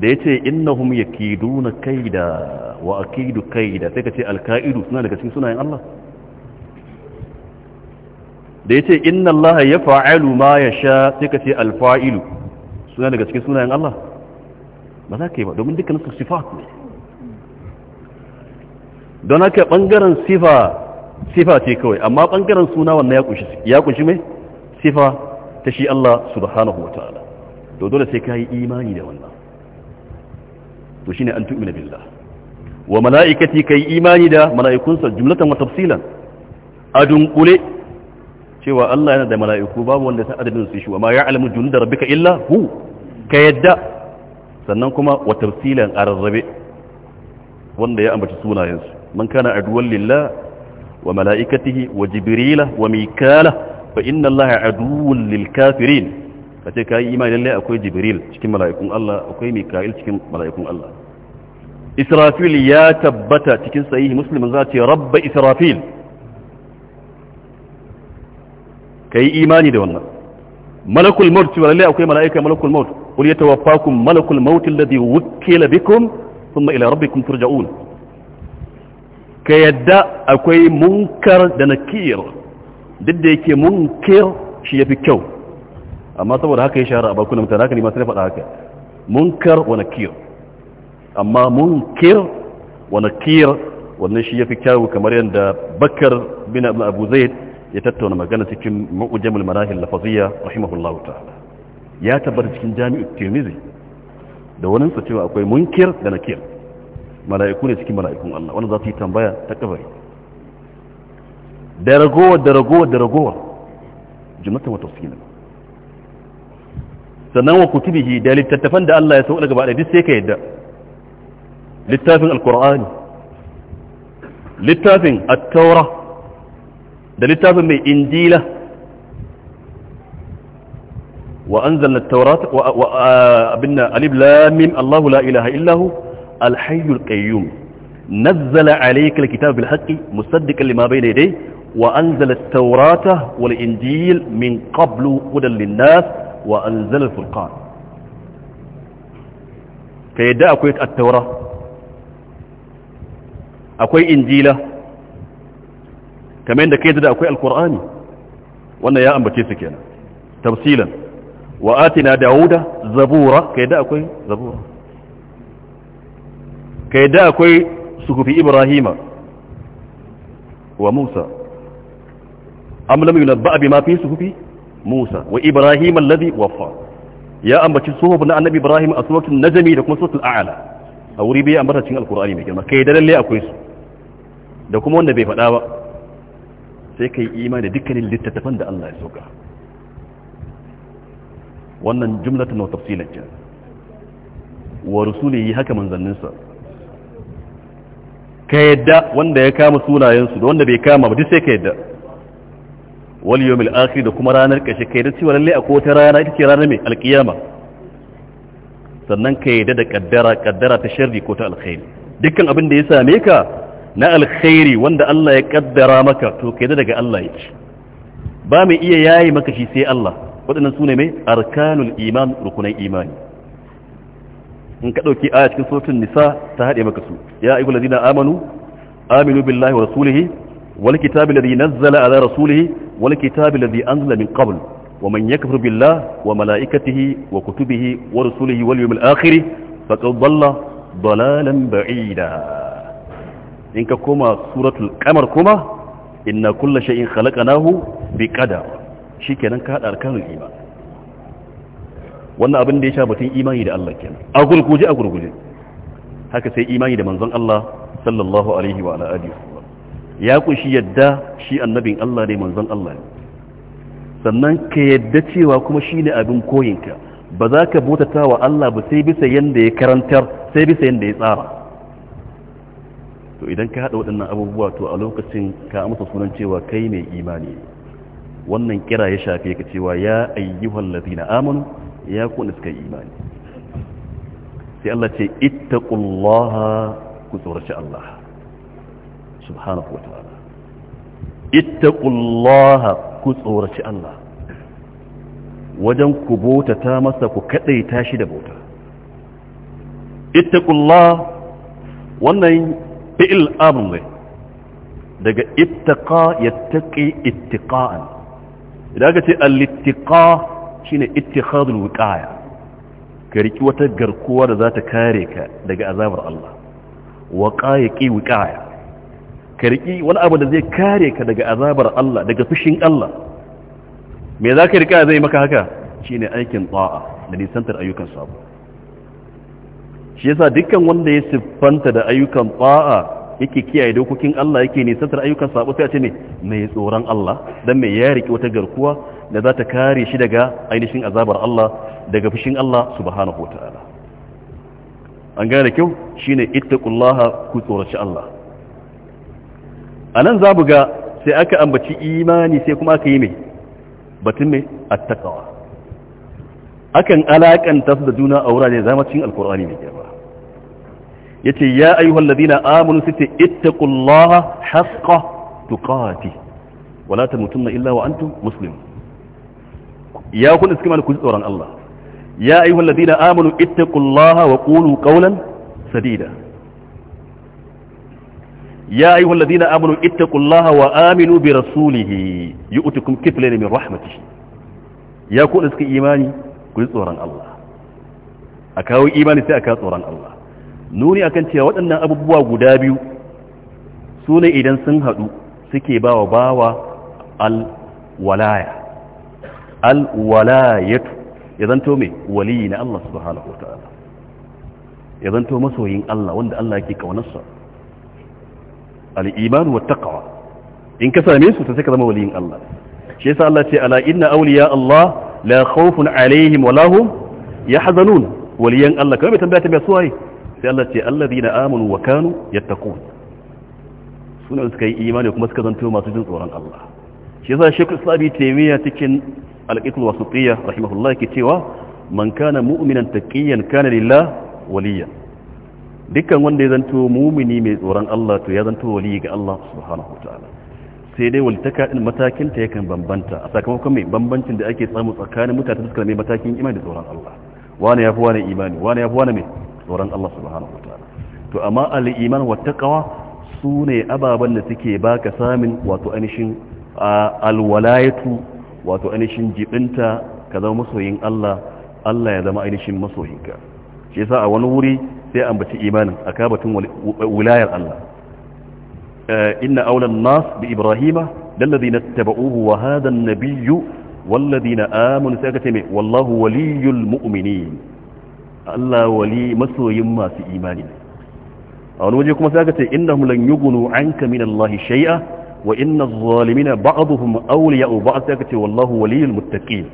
da ya ce innahum yakiduna kaida wa a akidu kaida sai ka ce alkaidu suna daga cikin sunayen Allah da ya ce inna Allah ya fa'alu ma ya sha sai ka ce alfa'ilu suna daga cikin sunayen Allah ba za ka yi ba domin dukkan su sifa. ne don haka ɓangaren sifa sifa ce kawai amma ɓangaren suna wannan ya kunshi mai sifa ta shi Allah subhanahu wa ta'ala to dole sai ka yi imani da wannan to shine an tu'mina billah wa mala'ikati kai imani da mala'ikunsa jumlatan wa tafsilan adun kule cewa Allah yana da mala'iku babu wanda san adadin su shi wa ma ya'lamu junuda rabbika illa hu ka yadda sannan kuma wa tafsilan ararrabe wanda ya ambaci sunayensu man kana aduwwan lillah wa mala'ikatihi wa jibrila wa mikala fa inna allaha aduwwun lil kafirin ka ce ka yi imani lallai akwai jibril cikin mala'ikun Allah akwai mika'il cikin mala'ikun Allah israfil ya tabbata cikin sahihi muslim za ce rabba israfil ka yi imani da wannan malakul maut cewa lallai akwai mala'ika malakul maut qul yatawaffakum malakul maut alladhi wukkila bikum thumma ila rabbikum turja'un ka yadda akwai munkar da nakir duk da yake munkir shi yafi kyau amma saboda haka ya shahara a bakunan mutane haka ne masu faɗa haka munkar wa nakir amma munkir wa nakir wannan shi yafi kyawu kamar yadda bakar bin abin abu zaid ya tattauna magana cikin mu'ujamul manahil lafaziyya rahimahullahu ta'ala ya tabbata cikin jami'u tirmizi da wani sa cewa akwai munkir da nakir mala'iku ne cikin mala'ikun Allah wanda za su yi tambaya ta kabari da ragowar da ragowar da ragowar jumlatan wa tafsilin sannan wa kutubihi da littattafan da Allah ya sauka gaba da duk sai ka yadda littafin alqur'ani littafin at-taura da littafin mai injila wa anzalna at-taurata wa abinna alif lam mim Allahu la ilaha illa hu al-hayyul qayyum nazzala alayka al-kitaba bil haqqi musaddiqan lima bayna yadayhi wa wal التوراة min qablu hudan lin-nas wa anzal al-furqan ka yadda akwai attaura akwai injila kamar yadda ka yadda akwai al wannan ya ambace su kenan tafsilan wa atina dauda zabura ka yadda akwai zabura ka yadda akwai suhufi ibrahima wa musa am lam yunabba bima fi suhufi Musa wa Ibrahim alladhi waffa ya ambaci suhuf na annabi Ibrahim a suratul najmi da kuma suratul a'la a wuri bai ambata cikin alqur'ani mai girma kai da lalle akwai su da kuma wanda bai faɗa ba sai kai imani da dukkanin littattafan da Allah ya soka wannan jumlatan wa tafsilan ce wa rusulihi haka ka yadda wanda ya kama sunayensu da wanda bai kama ba duk sai ka yadda wal yawmil akhir da kuma ranar kashe kai da cewa lalle akwai wata rana ita ce ranar mai alkiyama sannan ka yadda da kaddara kaddara ta sharri ko ta alkhairi dukkan abin da ya same ka na alkhairi wanda Allah ya kaddara maka to ka yadda daga Allah yake ba mai iya yayi maka shi sai Allah waɗannan sune mai arkanul iman rukunan imani in ka dauki aya cikin suratul nisa ta hade maka su ya ayyuhallazina amanu aminu billahi wa rasulihi wal kitabi alladhi nazzala ala rasulihi wal kitabi alladhi anzala min qabl wa man yakfur billahi wa malaikatihi wa kutubihi wa rusulihi wal yawmil akhir faqad dalla dalalan ba'ida in ka koma suratul kamar kuma inna kulla shay'in khalaqnahu bi qadar shikenan ka hada arkanul iman wannan abin da ya sha batun imani da Allah kenan a gurguje haka sai imani da manzon Allah sallallahu alaihi wa ya kunshi yadda shi annabin Allah ne manzon Allah ne sannan ka yadda cewa kuma shi ne abin koyinka ba za ka bautata wa Allah ba sai bisa yadda ya karantar sai bisa yadda ya tsara to idan ka haɗa waɗannan abubuwa to a lokacin ka amsa sunan cewa kai mai imani wannan kira ya shafe ka cewa ya ayyuhan ladina amanu ya ku suka imani sai Allah ce ittaqullaha ku tsoraci Allah subhanahu wa ta'ala ittaqullaha ku tsoraci Allah wajen ku bota ta masa ku kadaita shi da bauta ittaqullah wannan fi'il amr ne daga ittaqa yattaqi ittiqan idan ka ce al-ittiqa shine ittikhadul wiqaya ka riki wata garkuwa da za ta kare ka daga azabar Allah wa qayaqi wiqaya ka riƙi wani abu da zai kare ka daga azabar Allah daga fushin Allah me za ka riƙa zai maka haka Shi ne aikin ta'a da nisantar ayyukan sabu shi yasa dukkan wanda ya siffanta da ayyukan ta'a yake kiyaye dokokin Allah yake nisantar ayyukan sabu sai a ce ne mai tsoron Allah dan mai ya riƙe wata garkuwa da za ta kare shi daga ainihin azabar Allah daga fushin Allah subhanahu ta'ala an gane kyau shine ittaqullaha ku tsoraci Allah a nan za mu ga sai aka ambaci imani sai kuma aka yi mai batun mai attakawa akan alakanta su da juna a wurare zamacin alkur'ani mai girma ya ce ya ayyuhal ladina amanu su ce kullaha haska tuƙati wala ta mutum na illa wa antum muslimun ya kun iska mana ku tsoron Allah ya ayyuhal ladina ita kullaha wa qulu qawlan sadida ya ayyuhal ladina amanu ittaqullaha wa aminu bi rasulihi yu'tikum kiflayn min rahmatihi ya ku da suka imani ku yi tsoron Allah a kawo imani sai a kawo tsoron Allah nuni akan cewa waɗannan abubuwa guda biyu su ne idan sun haɗu suke ba wa bawa alwalaya alwalayatu ya zanto mai waliyi na Allah ta'ala masoyin Allah wanda Allah yake kaunarsa al-iman wa taqwa in ka same su to sai ka zama waliyin Allah shi yasa Allah ce ala inna awliya Allah la khawfun alaihim wa lahum yahzanun waliyan Allah kamar tambaya tambaya su waye sai Allah ce alladhina amanu wa kanu yattaqun suna suka yi imani kuma suka zanto masu jin tsoron Allah shi yasa Sheikh Islami Taymiya cikin al-Qitul Wasitiyya rahimahullah ke cewa man kana mu'minan taqiyan kana lillah waliyan dukkan wanda ya zanto mumini mai tsoron Allah to ya zanto wali ga Allah subhanahu wataala sai dai walitaka din matakin ta yakan bambanta a sakamakon mai bambancin da ake samu tsakanin mutane suka mai matakin imani da tsoron Allah wani yafi wani imani wani yafi wani mai tsoron Allah subhanahu wataala to amma al-iman wa taqwa sune ababan da suke baka samin wato anishin alwalayatu wato anishin jibinta ka zama masoyin Allah Allah ya zama ainihin masoyinka shi yasa a wani wuri sai ambaci imanin akabatin kabatun wilayar Allah inna aulan nas bi ibrahima dallazina tabauhu wa hadha an-nabiyyu wallazina amanu sagatame wallahu waliyul mu'minin Allah wali masoyin masu imani a wani waje kuma sagace innahum lan yughnu anka min Allah shay'a wa inna adh-dhalimina ba'dhuhum awliya'u ba'd sagace wallahu waliyul muttaqin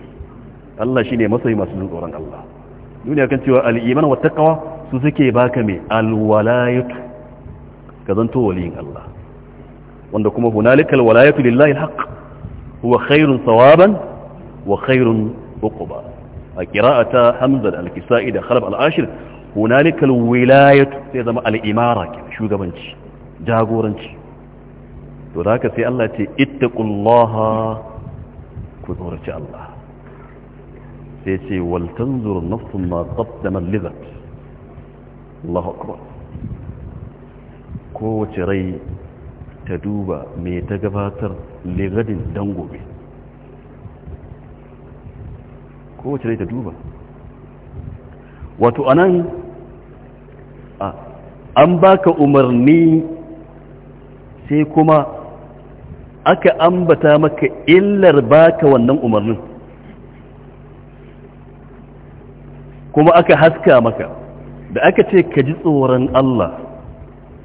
Allah shine masoyin masu tsoron Allah duniya kan cewa al'iman wa taqwa su suke baka mai alwalayatu ka zanto waliyin Allah wanda kuma hunalikal walayatu lillahi alhaq wa khairun sawaban wa khairun uquba a qira'ata hamza da al-kisa'i da khalaf al-ashir hunalikal wilayatu sai zama al'imara ke shugabanci jagoranci to da haka sai Allah ce ittaqullaha ku tsoraci Allah sai ce waltan zuru nafsun ma qaddama lizat Allahu akbar kowace rai ta duba me ta gabatar ligadin dan gobe kowace rai ta duba wato anan an baka umarni sai kuma aka ambata maka illar baka wannan umarnin kuma aka haska maka da aka ce ka ji tsoron Allah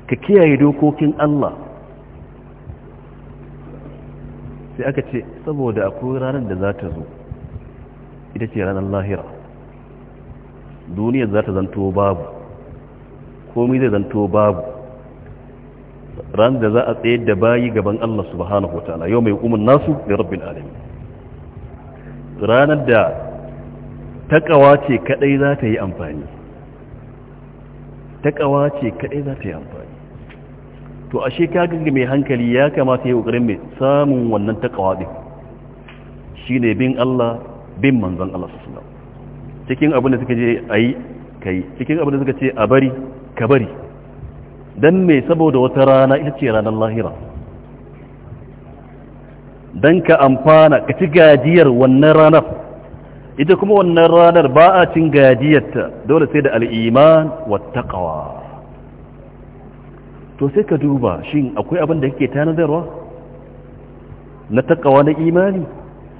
ka kiyaye dokokin Allah sai aka ce saboda akwai ranar da za ta zo ita ce ranar lahira duniyar za ta zanto babu komai zai zanto babu ran da za a tsayar da bayi gaban Allah subhanahu wa ta'ala yau mai hukumin nasu da rabbin alamin ranar da taƙawa ce kaɗai za ta yi amfani taƙawa ce kaɗai za ta yi amfani to ashe kagange mai hankali ya kamata yi ƙoƙarin mai samun wannan taƙawa ɗin shi ne bin Allah bin manzan Allah su suna cikin abin da suka je a yi ka yi cikin abin da suka ce a bari ka bari don mai saboda wata rana ita ce ranar lahira don ka amfana ka ci gajiyar wannan ranar ita kuma wannan ranar ba a cin gajiyarta dole sai da al'iman wattaƙawa to sai ka duba shin akwai abin da kake tanadarwa na taƙawa na imani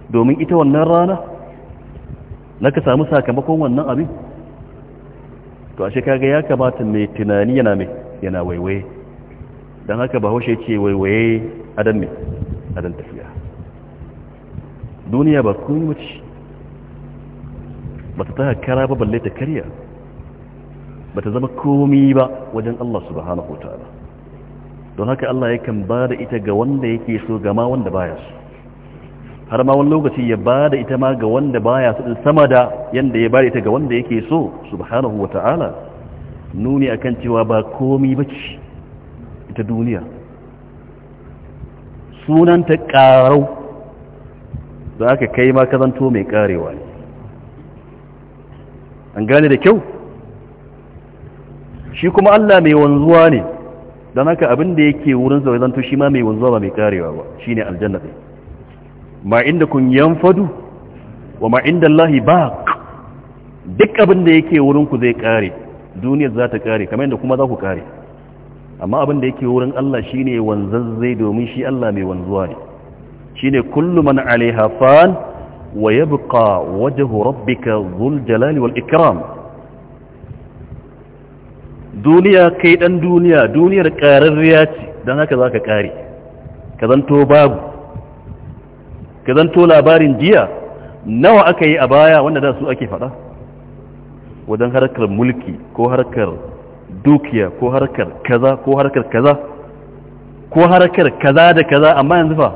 domin ita wannan rana na ka samu sakamakon wannan abin to a shekaga ya kamata mai tunani yana mai yana waiwaye don haka ba ce waiwaye adam mai adam tafiya duniya ba kuma mace ba ta taka kara ba balle ta karya ba ta zama komi ba wajen Allah subhanahu wa ta'ala don haka Allah yakan ba da ita ga wanda yake so ga ma wanda baya so har ma wani lokaci ya bada da ita ma ga wanda baya so din sama da yanda ya ba da ita ga wanda yake so subhanahu wa ta'ala nuni akan cewa ba komi ba bace ita duniya sunanta ƙarau da aka kai ma kazanto mai karewa ne an gane da kyau shi kuma Allah mai wanzuwa ne don haka abin da yake wurin zai zanto shi ma mai wanzuwa ba mai karewa ba shine aljanna ɗai ma inda kun fadu wa ma inda Allah ba duk abin da yake wurin ku zai kare duniyar za ta kare kamar yadda kuma za ku kare amma abin da yake wurin Allah shi wanzan wanzazzai domin shi Allah mai wanzuwa ne shine kullu man alaiha fan ويبقى وجه ربك ذو الجلال والإكرام دنيا كيد أن دنيا دنيا كار الريات دنا كذا كاري كذا انتو باب كذا انتو لابارين جيا نوع أكي أبايا وانا دا سوء أكي فتا ودن هركر ملكي كو هركر دوكيا كو هركر كذا كو هركر كذا ko harkar kaza da kaza amma yanzu fa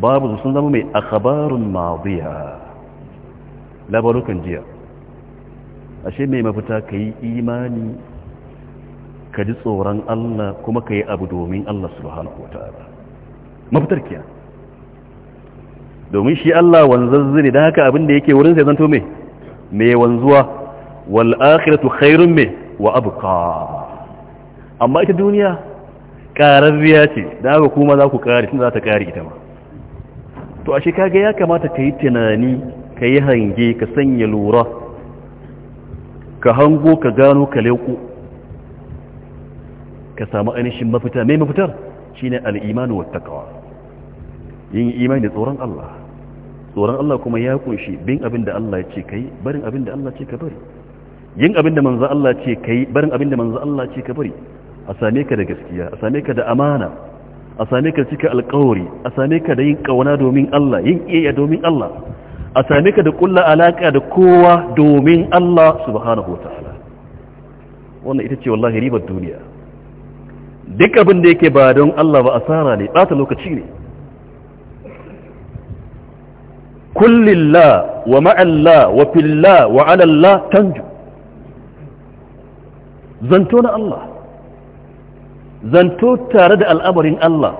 babu sun zama mai akhbarun maziya labarukan jiya ashe mai mafita ka yi imani ka ji tsoron Allah kuma ka yi abu domin Allah subhanahu wa ta'ala mafitar kiya domin shi Allah wanzanzu ne don haka abin da yake wurin sai zanto mai mai wanzuwa wal akhiratu khairun mai wa abuka amma ita duniya ƙararriya ce da haka kuma za ku ƙari tun za ta ƙari ita ma to ashe kaga ya kamata ka yi tunani ka yi hange ka sanya lura ka hango ka gano ka leku ka samu ainihin mafita mai mafitar shi ne al'imanu wa kawa. yin imani da tsoron Allah tsoron Allah kuma ya kunshi bin abin da Allah ce yi barin abin da Allah ce ka bari yin abin da manzo Allah ce yi barin abin da manzo Allah ce ka bari a same ka da gaskiya a same ka da amana a same ka cika alkawari a same ka da yin kauna domin Allah yin iya domin Allah a same ka da kulla alaka da kowa domin Allah subhanahu ta'ala wannan ita ce wallahi ribar duniya duk abin da yake ba don Allah ba asara ne ɓata lokaci ne kullillah wa ma'alla wa fillah wa alalla tanju zanto na Allah zanto tare da al'amarin Allah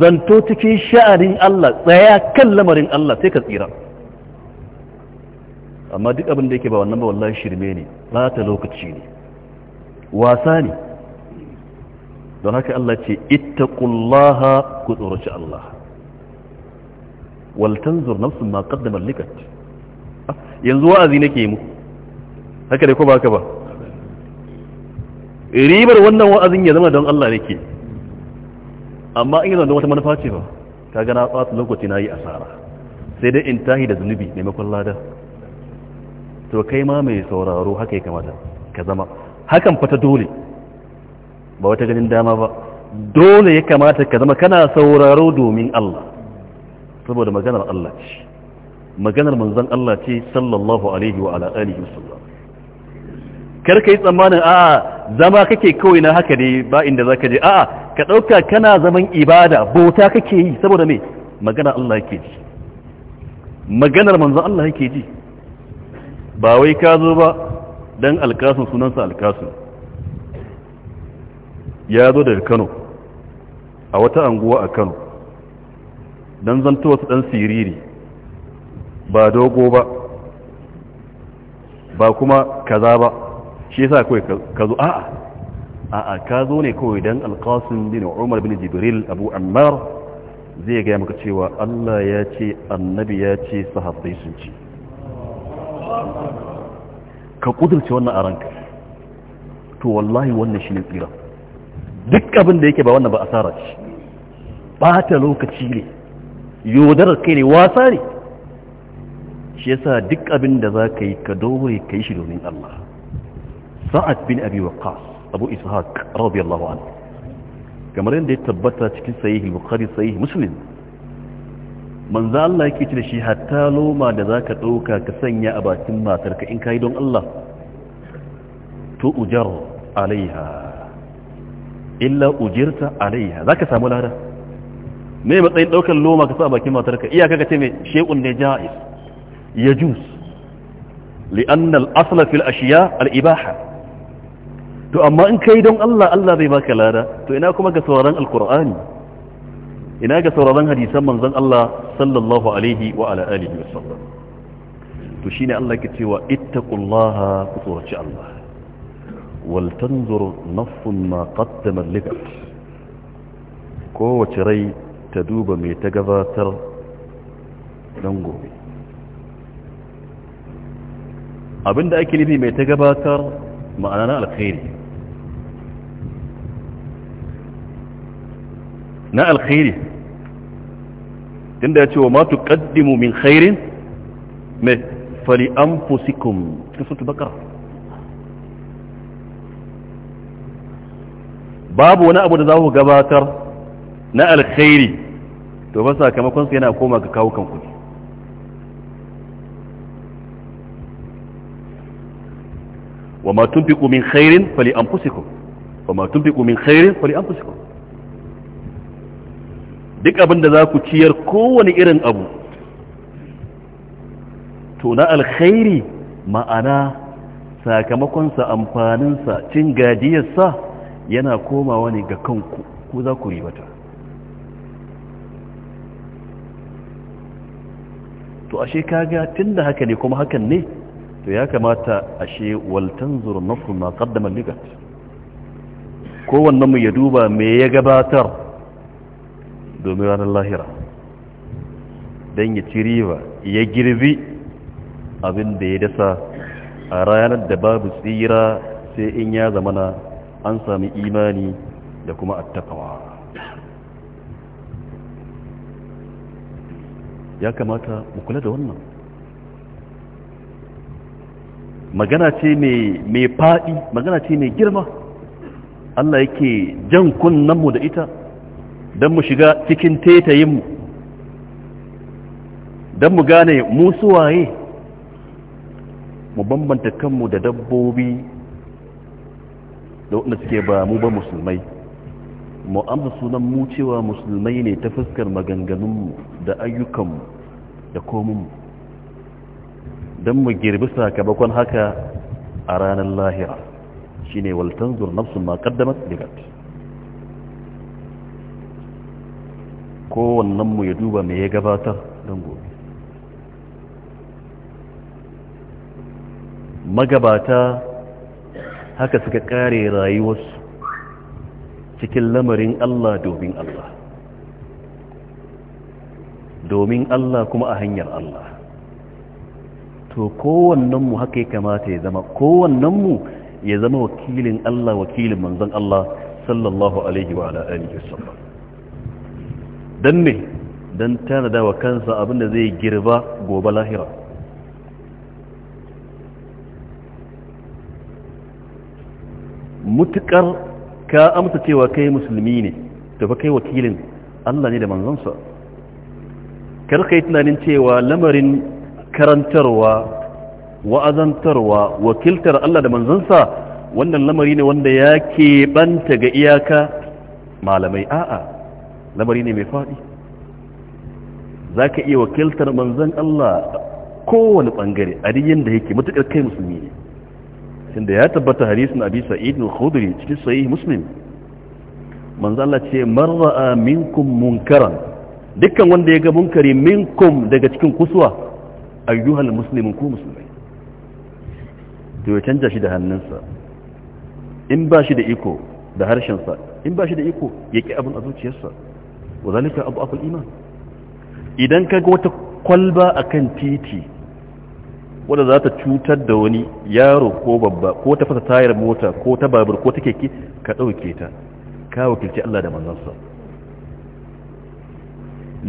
zanto cikin sha'arin Allah tsaya kan lamarin Allah sai ka tsira amma duk abin da yake ba wannan ba wallahi shirme ne ta lokaci ne wasa ne don haka Allah ce ittaqullaha ku tsoroci Allah wal tanzur nafsun ma qaddamat likat yanzu wa'azi nake mu haka dai ko ba haka ba ribar wannan wa'azin ya zama don Allah ke amma in yana da wata manufa ce ba ka gana ɓata lokaci na yi asara sai dai in tahi da zunubi maimakon lada to kai ma mai sauraro haka ya kamata ka zama hakan fata dole ba wata ganin dama ba dole ya kamata ka zama kana sauraro domin Allah saboda maganar Allah ce maganar manzon Allah ce sallallahu alaihi wa ala alihi wasallam kar tsammanin a zama kake kawai na haka ne ba inda za ka je a'a ka ɗauka kana zaman ibada bauta kake yi saboda me magana Allah yake ji maganar manzon Allah yake ji ba wai ka zo ba dan alkasun sunansa alkasun ya zo daga Kano a wata anguwa a Kano dan zanto wasu dan siriri ba dogo ba ba kuma kaza ba shi yasa kawai ka zo a'a a'a ka zo ne kawai dan alqasim bin umar bin jibril abu ammar zai gaya maka cewa Allah ya ce annabi ya ce sahabbai sun ce ka kudurce wannan a ranka to wallahi wannan shi ne tsira duk abin da yake ba wannan ba asara ce bata lokaci ne yodar kai ne wasa ne shi yasa duk abin da za ka yi ka dore ka yi shi domin Allah sa'ad bin abi waqqas abu ishaq radiyallahu anhu kamar yadda ya tabbata cikin sahih al-bukhari sahih muslim manzo Allah yake cewa shi hatta loma da zaka dauka ka sanya a bakin matarka in kai don Allah to ujar alaiha illa ujirta alaiha zaka samu lada me matsayin daukan loma ka sa a bakin matarka iya ka ce me shay'un ne ja'iz yajuz لأن الأصل في الأشياء الإباحة to amma in kai don Allah Allah zai baka lada to ina kuma ga sauraron alkur'ani ina ga sauraron hadisan manzon Allah sallallahu alaihi wa ala alihi wasallam to shine Allah ke cewa ittaqullaha ku tsoraci Allah wal tanzur nafsun ma qaddamat ligat kowace rai ta duba mai ta gabatar don gobe abinda ake nufi mai ta gabatar ma'ana na alkhairi na alkhairi inda ya ce wa min khairin fali bakar babu wani abu da za ku gabatar na alkhairi to ba sakamakonsa yana koma ga kawo wa ma tunfiqu min khairin fali anfusikum wa ma tunfiqu min khairin fali anfusikum duk abin da za ku ciyar kowane irin abu to na alkhairi ma'ana sakamakonsa amfaninsa cin gajiyarsa yana komawa ne ga kanku ku za ku ribata to ashe ka kaga tunda haka ne kuma hakan ne to ya kamata ashe waltanzur nafsu ma qaddama ligat wannan mu ya duba me ya gabatar domin ranar lahira don ya ci riba ya girbi abin da ya dasa a ranar da babu tsira sai in ya zamana an sami imani da kuma attakawa ya kamata mu kula da wannan magana ce mai faɗi magana ce mai girma Allah yake jan kunnanmu da ita don mu shiga cikin tetayinmu don mu gane musu waye mu bambanta kanmu da dabbobi da waɗanda suke ba mu ba musulmai mu amsa sunan mu cewa musulmai ne ta fuskar maganganunmu da ayyukanmu da komunmu don mu girbi sakamakon haka a ranar lahira shi ne waltan zurnafsun ma kaddamat ligat mu ya duba mai ya gabatar don gobe magabata haka suka kare rayuwarsu cikin lamarin Allah domin Allah domin Allah kuma a hanyar Allah to kowannenmu haka ya kamata ya zama kowannenmu ya zama wakilin Allah wakilin manzon Allah sallallahu alaihi wa ala alihi wasallam dan ne dan tanada wa kansa abin da zai girba gobe lahira mutukar ka amsa cewa kai musulmi ne to kai wakilin Allah ne da manzonsa kar kai tunanin cewa lamarin karantarwa wa'azantarwa wakiltar Allah da manzansa wannan lamari ne wanda ya keɓanta ga iyaka malamai a'a lamari ne mai faɗi za ka iya wakiltar manzan Allah kowane ɓangare a riyin da yake matuƙar kai musulmi ne tunda ya tabbata hadisin abi sa'id al-khudri cikin sahih muslim manzo Allah ce marra'a minkum munkaran dukkan wanda ya ga munkari minkum daga cikin kusuwa ayyuhal muslimin ko musulmai to ya canja shi da hannunsa in ba shi da iko da harshensa in ba shi da iko ya ƙi abin a zuciyarsa wa zalika abu akul iman idan ka ga wata kwalba a kan titi wadda za ta cutar da wani yaro ko babba ko ta fasa tayar mota ko ta babur ko ta keke ka ɗauke ta ka wakilci Allah da manzansa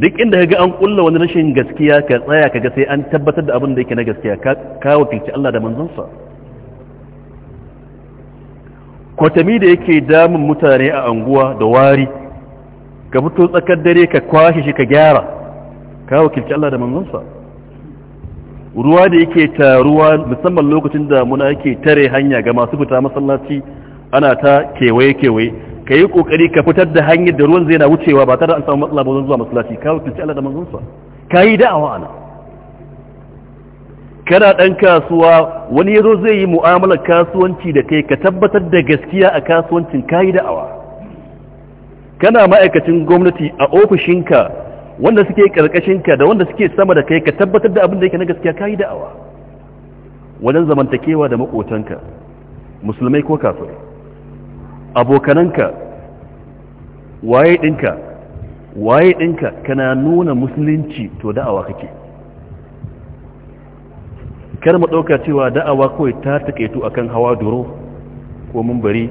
duk inda ga an kulla wani rashin gaskiya ka tsaya kaga sai an tabbatar da abin da yake na gaskiya ka kawo fice Allah da manzonsa kwatami da yake damun mutane a anguwa da wari ka fito tsakar dare ka kwashe shi ka gyara ka wakilci Allah da manzonsa ruwa da yake taruwa musamman lokacin da muna yake tare hanya ga masu fita masallaci ana ta kewaye-kewaye ka yi kokari ka fitar da hanyar da ruwan zai na wucewa ba tare an samu matsala ba zuwa masallaci ka wuce Allah da manzonsa ka yi da'awa ana kana dan kasuwa wani yazo zai yi mu'amalar kasuwanci da kai ka tabbatar da gaskiya a kasuwancin ka yi da'awa kana ma'aikacin gwamnati a ofishinka wanda suke karkashinka da wanda suke sama da kai ka tabbatar da abin da yake na gaskiya ka yi da'awa wajen zamantakewa da makotanka musulmai ko kafirai abokananka waye ɗinka waye ɗinka kana nuna musulunci to da'awa kake kar mu ɗauka cewa da'awa kawai ta taƙaitu akan hawa doro ko mumbari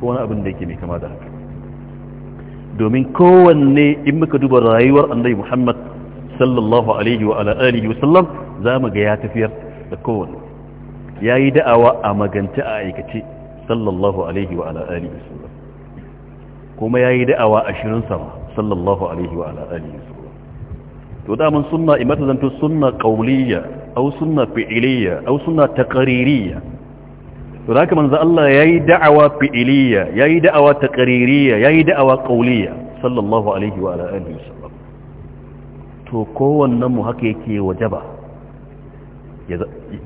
ko wani abin da yake mai kama da haka domin kowanne in muka duba rayuwar annabi muhammad sallallahu alaihi wa alihi wasallam za mu ga ya tafiyar da kowanne ya yi da'awa a magance a aikace sallallahu alaihi wa ala alihi wasallam kuma ya yayi da'awa ashirin sama sallallahu alaihi wa ala alihi wasallam to da suna sunna imata zanto sunna qauliyya aw sunna fi'iliyya aw sunna taqririyya to da haka manzo Allah ya yi da'awa fi'iliyya yayi da'awa taqririyya yayi da'awa qauliyya sallallahu alaihi wa ala alihi wasallam to kowannen mu haka yake wajaba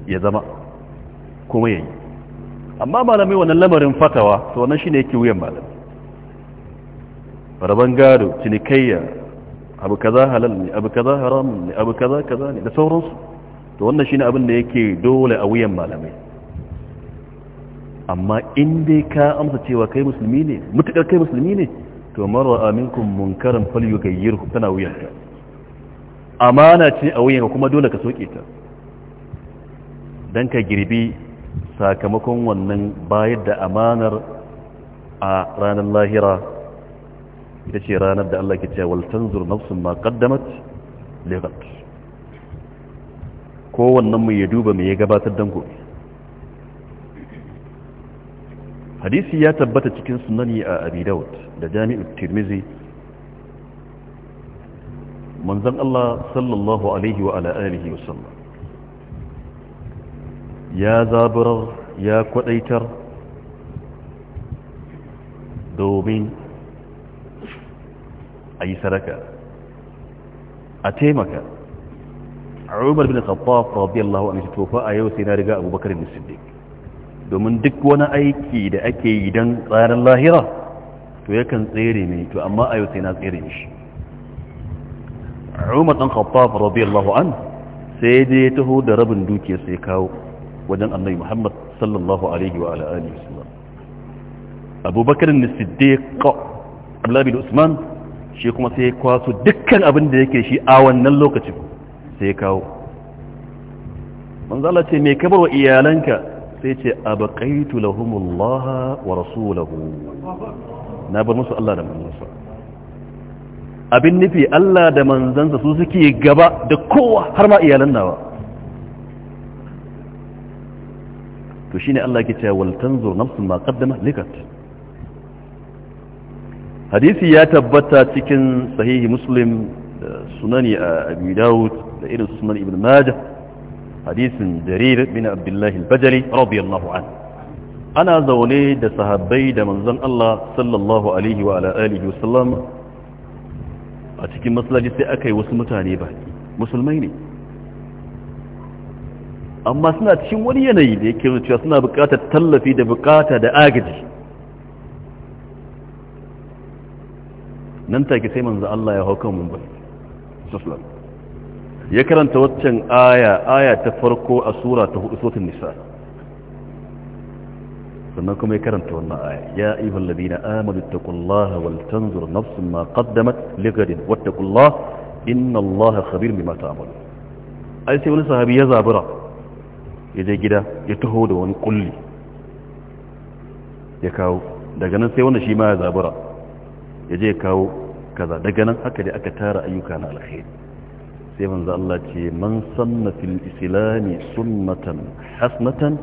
ya zama kuma yayi amma malamai wannan lamarin fatawa to wannan shine yake wuyan malamai faraban gado cinikayya abu kaza halal ne abu kaza haram ne abu kaza kaza ne da sauransu to wannan shine abin da yake dole a wuyan malamai amma in dai ka amsa cewa kai musulmi ne mutukar kai musulmi ne to marra aminkum munkaran falyughayyirhu tana wuyanka amana ce a wuyanka kuma dole ka soke ta dan ka girbi sakamakon wannan bayar da amanar a ranar lahira ita ce ranar da Allah ke ce waltan nafsun ma kaddamat legat kowannen mai ya duba mai ya gabatar don gobe hadisi ya tabbata cikin sunani a abi daud da jami'ar tirmizi manzan Allah sallallahu alaihi wa ala wasallam ya zaburar ya kwadaitar domin a yi saraka a taimaka umar bin khattab radiyallahu anhu to fa a yau sai na riga abubakar bin siddiq domin duk wani aiki da ake yi don tsarin lahira to yakan tsere ne to amma a yau sai na tsere mishi umar dan khattab radiyallahu anhu sai dai ya taho da rabin dukiyar sai kawo wajen annabi muhammad sallallahu alaihi wa alihi wasallam abubakar ne siddiq abdullahi bin usman shi kuma sai ya kwaso dukkan abin da yake shi a wannan lokacin sai ya kawo manzala ce mai kabar wa iyalanka sai ce abu abaqaitu lahumullah wa rasulahu na bar musu Allah da manzansa abin nufi Allah da manzansa su suke gaba da kowa har ma iyalan nawa to shi ne Allah yake cewa wal tanzur nafsun ma qaddamat likat hadisi ya tabbata cikin sahihi muslim sunani abu daud da irin sunan ibn majah hadisin jarir bin abdullahi al-bajali radiyallahu an ana zaune da sahabbai da manzon Allah sallallahu alaihi wa ala alihi wa sallam a cikin masallaci sai aka yi wasu mutane ba musulmai ne amma suna cikin wani yanayi da yake cewa suna buƙatar tallafi da buƙata da agaji nan take sai manzo Allah ya hauka mun bai sallallahu ya karanta waccan aya aya ta farko a sura ta hudu suratul nisa sannan kuma ya karanta wannan aya ya ayyuhal ladina amanu taqullaha wal tanzur nafsun ma qaddamat lighadin wattaqullaha innallaha khabirum bima ta'malun ai sai wani sahabi ya zabura ya je gida ya taho da wani kulli ya kawo daga nan sai wanda shi ma ya zabura ya je ya kawo kaza daga nan haka da aka tara ayyuka na alkhairi sai manzo Allah ce man sanna fil islami sunnatan hasnatan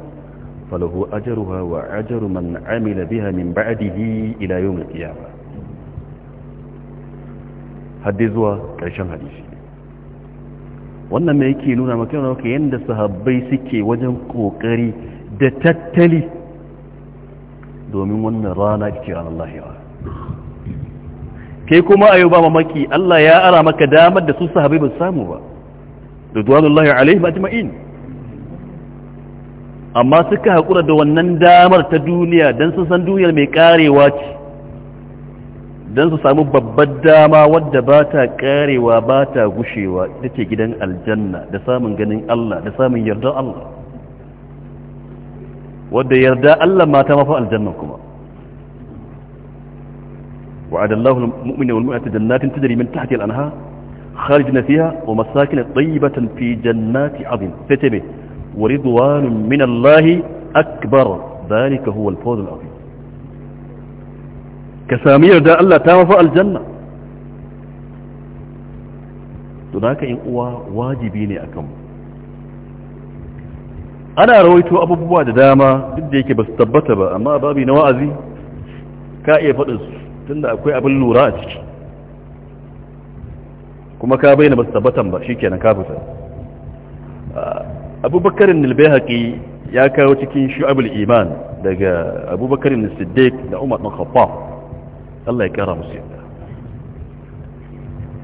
falahu ajruha wa ajru man amila biha min ba'dihi ila yawm al-qiyamah zuwa karshen hadisi wannan mai yake nuna maka yana yadda sahabbai suke wajen kokari da tattali domin wannan rana ce ranar lahira kai kuma a yau ba mamaki Allah ya ara maka damar da su sahabbai ba samu ba da duwanullahi alaihi ba jima'in amma suka haƙura da wannan damar ta duniya don sun san duniyar mai karewa ce don su samu babbar dama wadda ba ta karewa ba ta gushewa ita ce gidan aljanna da samun ganin Allah da samun yarda Allah wadda yarda Allah mata mafi aljanna kuma وعد الله المؤمن والمؤمنة جنات تجري من تحت الأنهار خارجنا فيها ومساكن طيبة في جنات عظيم فتبه ورضوان akbar الله أكبر ذلك هو الفوز العظيم ka sami yarda Allah ta mafi aljanna to da haka in uwa wajibi ne a akan ana rawaito abubuwa da dama duk da yake ba su tabbata ba amma babi na wa'azi ka iya faɗin su tunda akwai abin lura a ciki kuma ka bayyana ba su tabbatan ba shikenan ka fita abubakarin nilbai ya kawo cikin shu'abul iman daga abubakarin siddiq da umar ɗan Allah ya kara musu yadda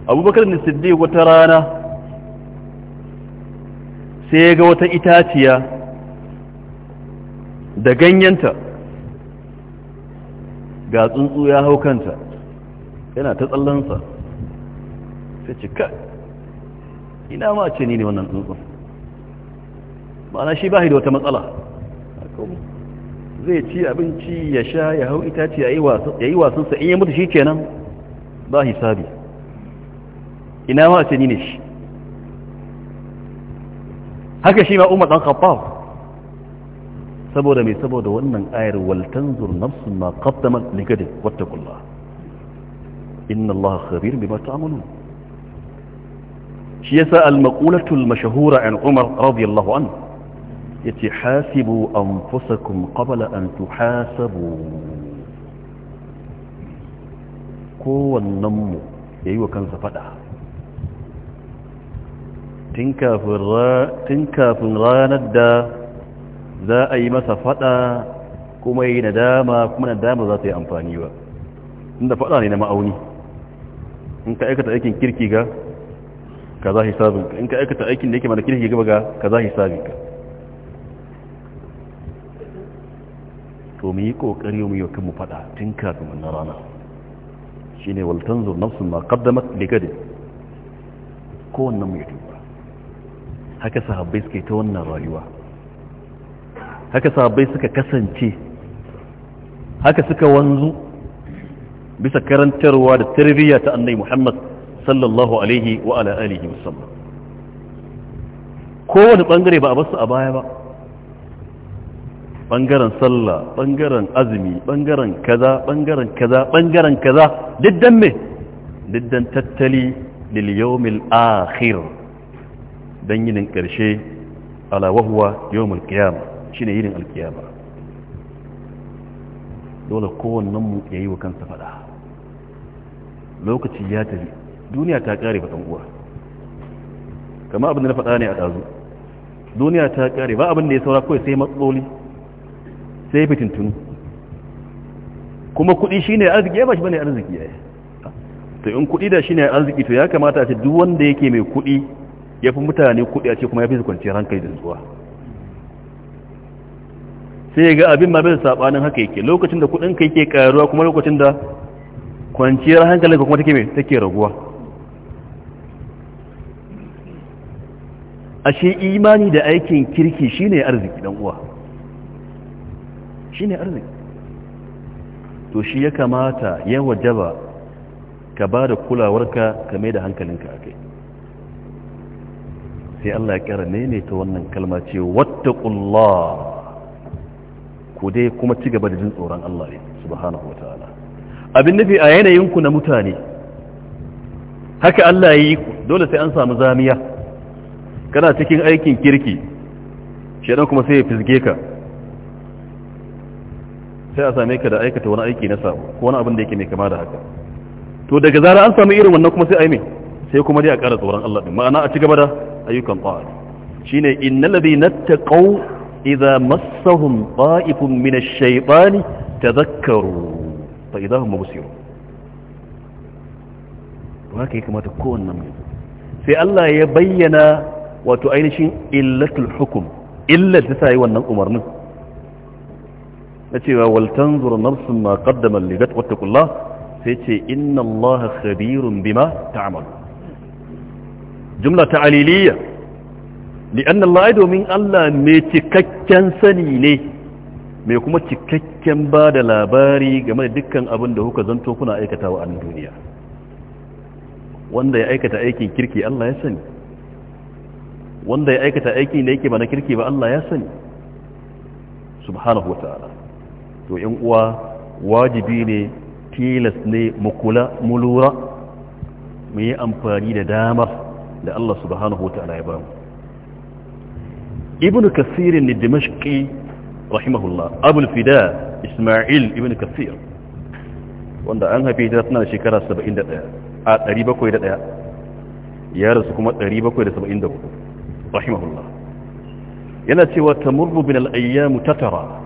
abubakar da siddiq wata rana sai ya ga wata itaciya da ganyenta ga tsuntsu ya hau kanta yana ta tsallansa sai cika ina ma ce ni ne wannan tsuntsu ma'ana shi ba da wata matsala zai ci abinci ya sha ya hau itace ya yi wasansa in ya mutu shi kenan ba hisabi ina ma ce ni ne shi haka shi ma umar dan khattab saboda mai saboda wannan ayar wal tanzur nafsun ma qaddamat ligadin kula inna allaha khabir bima ta'malun shi yasa al maqulatu al mashhura an umar radiyallahu anhu yace hasibu anfusakum qabla an tuhasabu kowannen mu yayi wa kansa fada tun kafin ranar da za a yi masa fada kuma yi nadama kuma nadama za ta yi amfani ba inda fada ne na ma'auni in ka aikata aikin kirki ga kaza hisabinka in ka aikata aikin da yake mana kirki ga kaza hisabinka to mu yi kokari mu yi kanmu fada tun kafin wannan rana shine wal tanzur nafsun ma qaddamat li gadi wannan mu ya tuba haka sahabbai suka ta wannan rayuwa haka sahabbai suka kasance haka suka wanzu bisa karantarwa da tarbiyya ta annabi Muhammad sallallahu alaihi wa ala alihi wasallam kowane bangare ba a basu a baya ba bangaren sallah bangaren azumi bangaren kaza bangaren kaza bangaren kaza diddan me diddan tattali lil yawmil akhir dan yinin karshe ala wa huwa yawmul qiyam shine yinin alqiyama dole kowannen ya yi wa kansa fada lokaci ya tafi duniya ta ƙare ba uwa kama abin da na faɗa ne a ɗazu duniya ta ƙare, ba abin da ya saura kawai sai matsaloli sai fitintunu kuma kuɗi shine arziki ya ba shi bane arziki ya to in kuɗi da shine arziki to ya kamata a ce duk wanda yake mai kuɗi ya fi mutane kuɗi a ce kuma ya fi zukunci kwanciyar hankali da zuwa sai ga abin ma bai sabanin haka yake lokacin da kuɗin ka yake karuwa kuma lokacin da kwanciyar hankalin ka kuma take mai take raguwa ashe imani da aikin kirki shine arziki dan uwa shi ne arziki to shi ya kamata ya wajaba ka ba da kulawarka ka mai da hankalinka a kai sai Allah ya kira ne ta wannan kalma ce wattaqullah ku dai kuma ci gaba da jin tsoron Allah ne subhanahu ala abin nufi a yanayin ku na mutane haka Allah ya yi ku dole sai an samu zamiya kana cikin aikin kirki shi kuma sai ya fisge ka sai a same ka da aikata wani aiki na samu ko wani abin da yake mai kama da haka to daga zara an samu irin wannan kuma sai ai me sai kuma dai a ƙara tsoron Allah din ma'ana a ci gaba da ayyukan ta'a shine innal ladina taqaw idza massahum ta'ifun min ash-shaytani tadhakkaru fa idza hum mubsirun ba haka ya kamata kowanne mai sai Allah ya bayyana wato ainihin illatul hukum illar ta sai wannan umarnin na cewa wal tanzur nafsun ma qaddamat ligat gat kula sai ce inna allaha khabirun bima ta'mal jumla ta ta'aliliya li anna allaha domin allah mai cikakken sani ne mai kuma cikakken ba da labari game da dukkan abin da kuka zanto kuna aikatawa a duniya wanda ya aikata aikin kirki Allah ya sani wanda ya aikata aikin da yake ba na kirki ba Allah ya sani subhanahu wa ta'ala to yan uwa wajibi ne tilas ne mu kula mu lura mu yi amfani da damar da Allah subhanahu wata'ala ya bamu ibnu kasir ne dimashqi rahimahullah abul fida isma'il ibnu kasir wanda an haife ta tana shekara 71 a 701 ya rasu kuma 774 rahimahullah yana cewa tamurru bil ayyamu tatara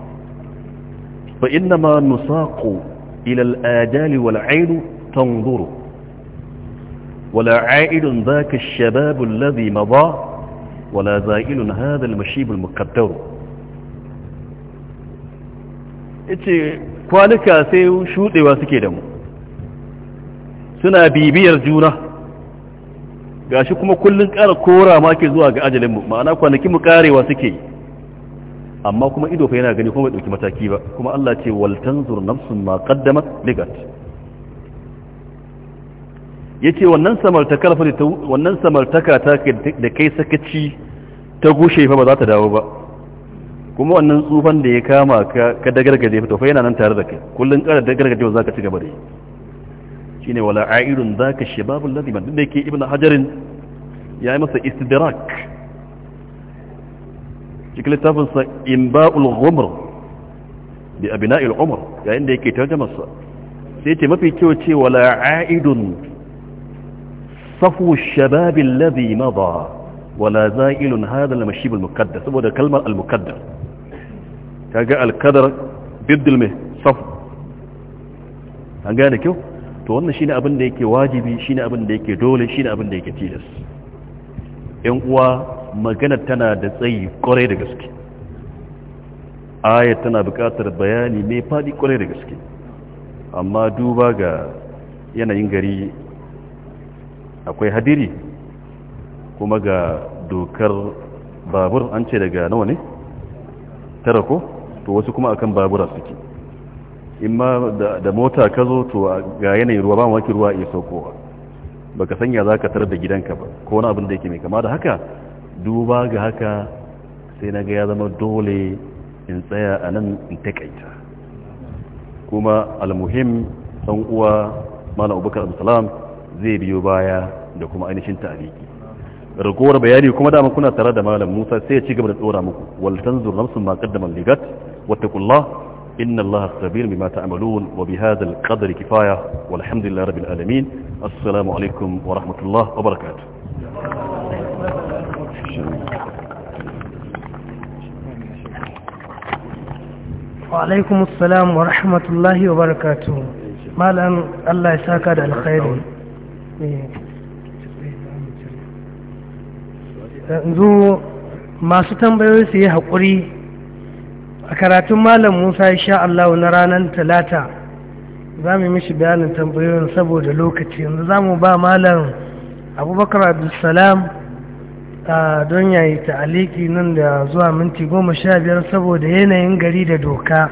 فإنما نساق إلى الآجال والعين تنظر ولا عائد ذاك الشباب الذي مضى ولا زائل هذا المشيب المقدر ce kwanuka sai shudewa suke da mu suna bibiyar juna gashi kuma kullun ƙara kora ma ke zuwa ga ajalin mu ma'ana kwanakin mu karewa suke yi amma kuma ido fa yana gani kuma bai dauki mataki ba kuma Allah ce wal tanzur nafsun ma qaddamat ligat yace wannan samartaka fa wannan samartaka ta da kai sakaci ta gushe fa ba za ta dawo ba kuma wannan tsufan da ya kama ka ka dagargaje to fa yana nan tare da kai kullun kara dagargaje za ka ci gaba da shi ne wala airun zaka shababul ladhi man da yake ibnu hajarin ya yi masa istidrak cikin littafinsa in ba'ul ghumr bi abina'il umar yayin da yake tarjamarsa sai ce mafi kyau ce wa la'a'idun safu shababi alladhi mada wala za'ilun hadha al-mashib al-muqaddas saboda kalmar al-muqaddas kaga al-qadar biddul mai safu an gane kyau to wannan shine abin da yake wajibi shine abin da yake dole shine abin da yake tilas yan uwa maganar tana da tsayi kwarai da gaske ayat tana buƙatar bayani mai faɗi kwarai da gaske amma duba ga yanayin gari akwai hadiri kuma ga dokar babur an ce daga nawa ne tara ko to wasu kuma akan babura suke in ma da mota ka zo to ga yanayin ruwa ba maki ruwa iya saukowa baka sanya za ka tarar da gidanka ba ko wani abin da yake mai kama da haka duba ga haka sai na ga ya zama dole in tsaya a nan in taƙaita kuma almuhim ɗan uwa malam abubakar abdulsalam zai biyo baya da kuma ainihin tariki ragowar bayani kuma dama kuna tare da malam musa sai ci gaba da tsora muku waltan zurnamsun ma kaddama ligat wattakullah inna allaha khabir bima ta'malun wa bihadha alqadri kifaya walhamdulillahi rabbil alamin assalamu alaikum wa rahmatullahi wa barakatuh alaikum assalam wa rahmatullahi wa barakatu malam Allah ya saka da alkhairi yanzu masu tambayoyi su yi haƙuri a karatun malam musa sha Allah na ranar talata za mu yi mishi bayanin tambayoyin saboda lokaci yanzu za mu ba malam abubakar abdulsalam don ya yi ta'aliki nan da zuwa minti goma sha biyar saboda yanayin gari da doka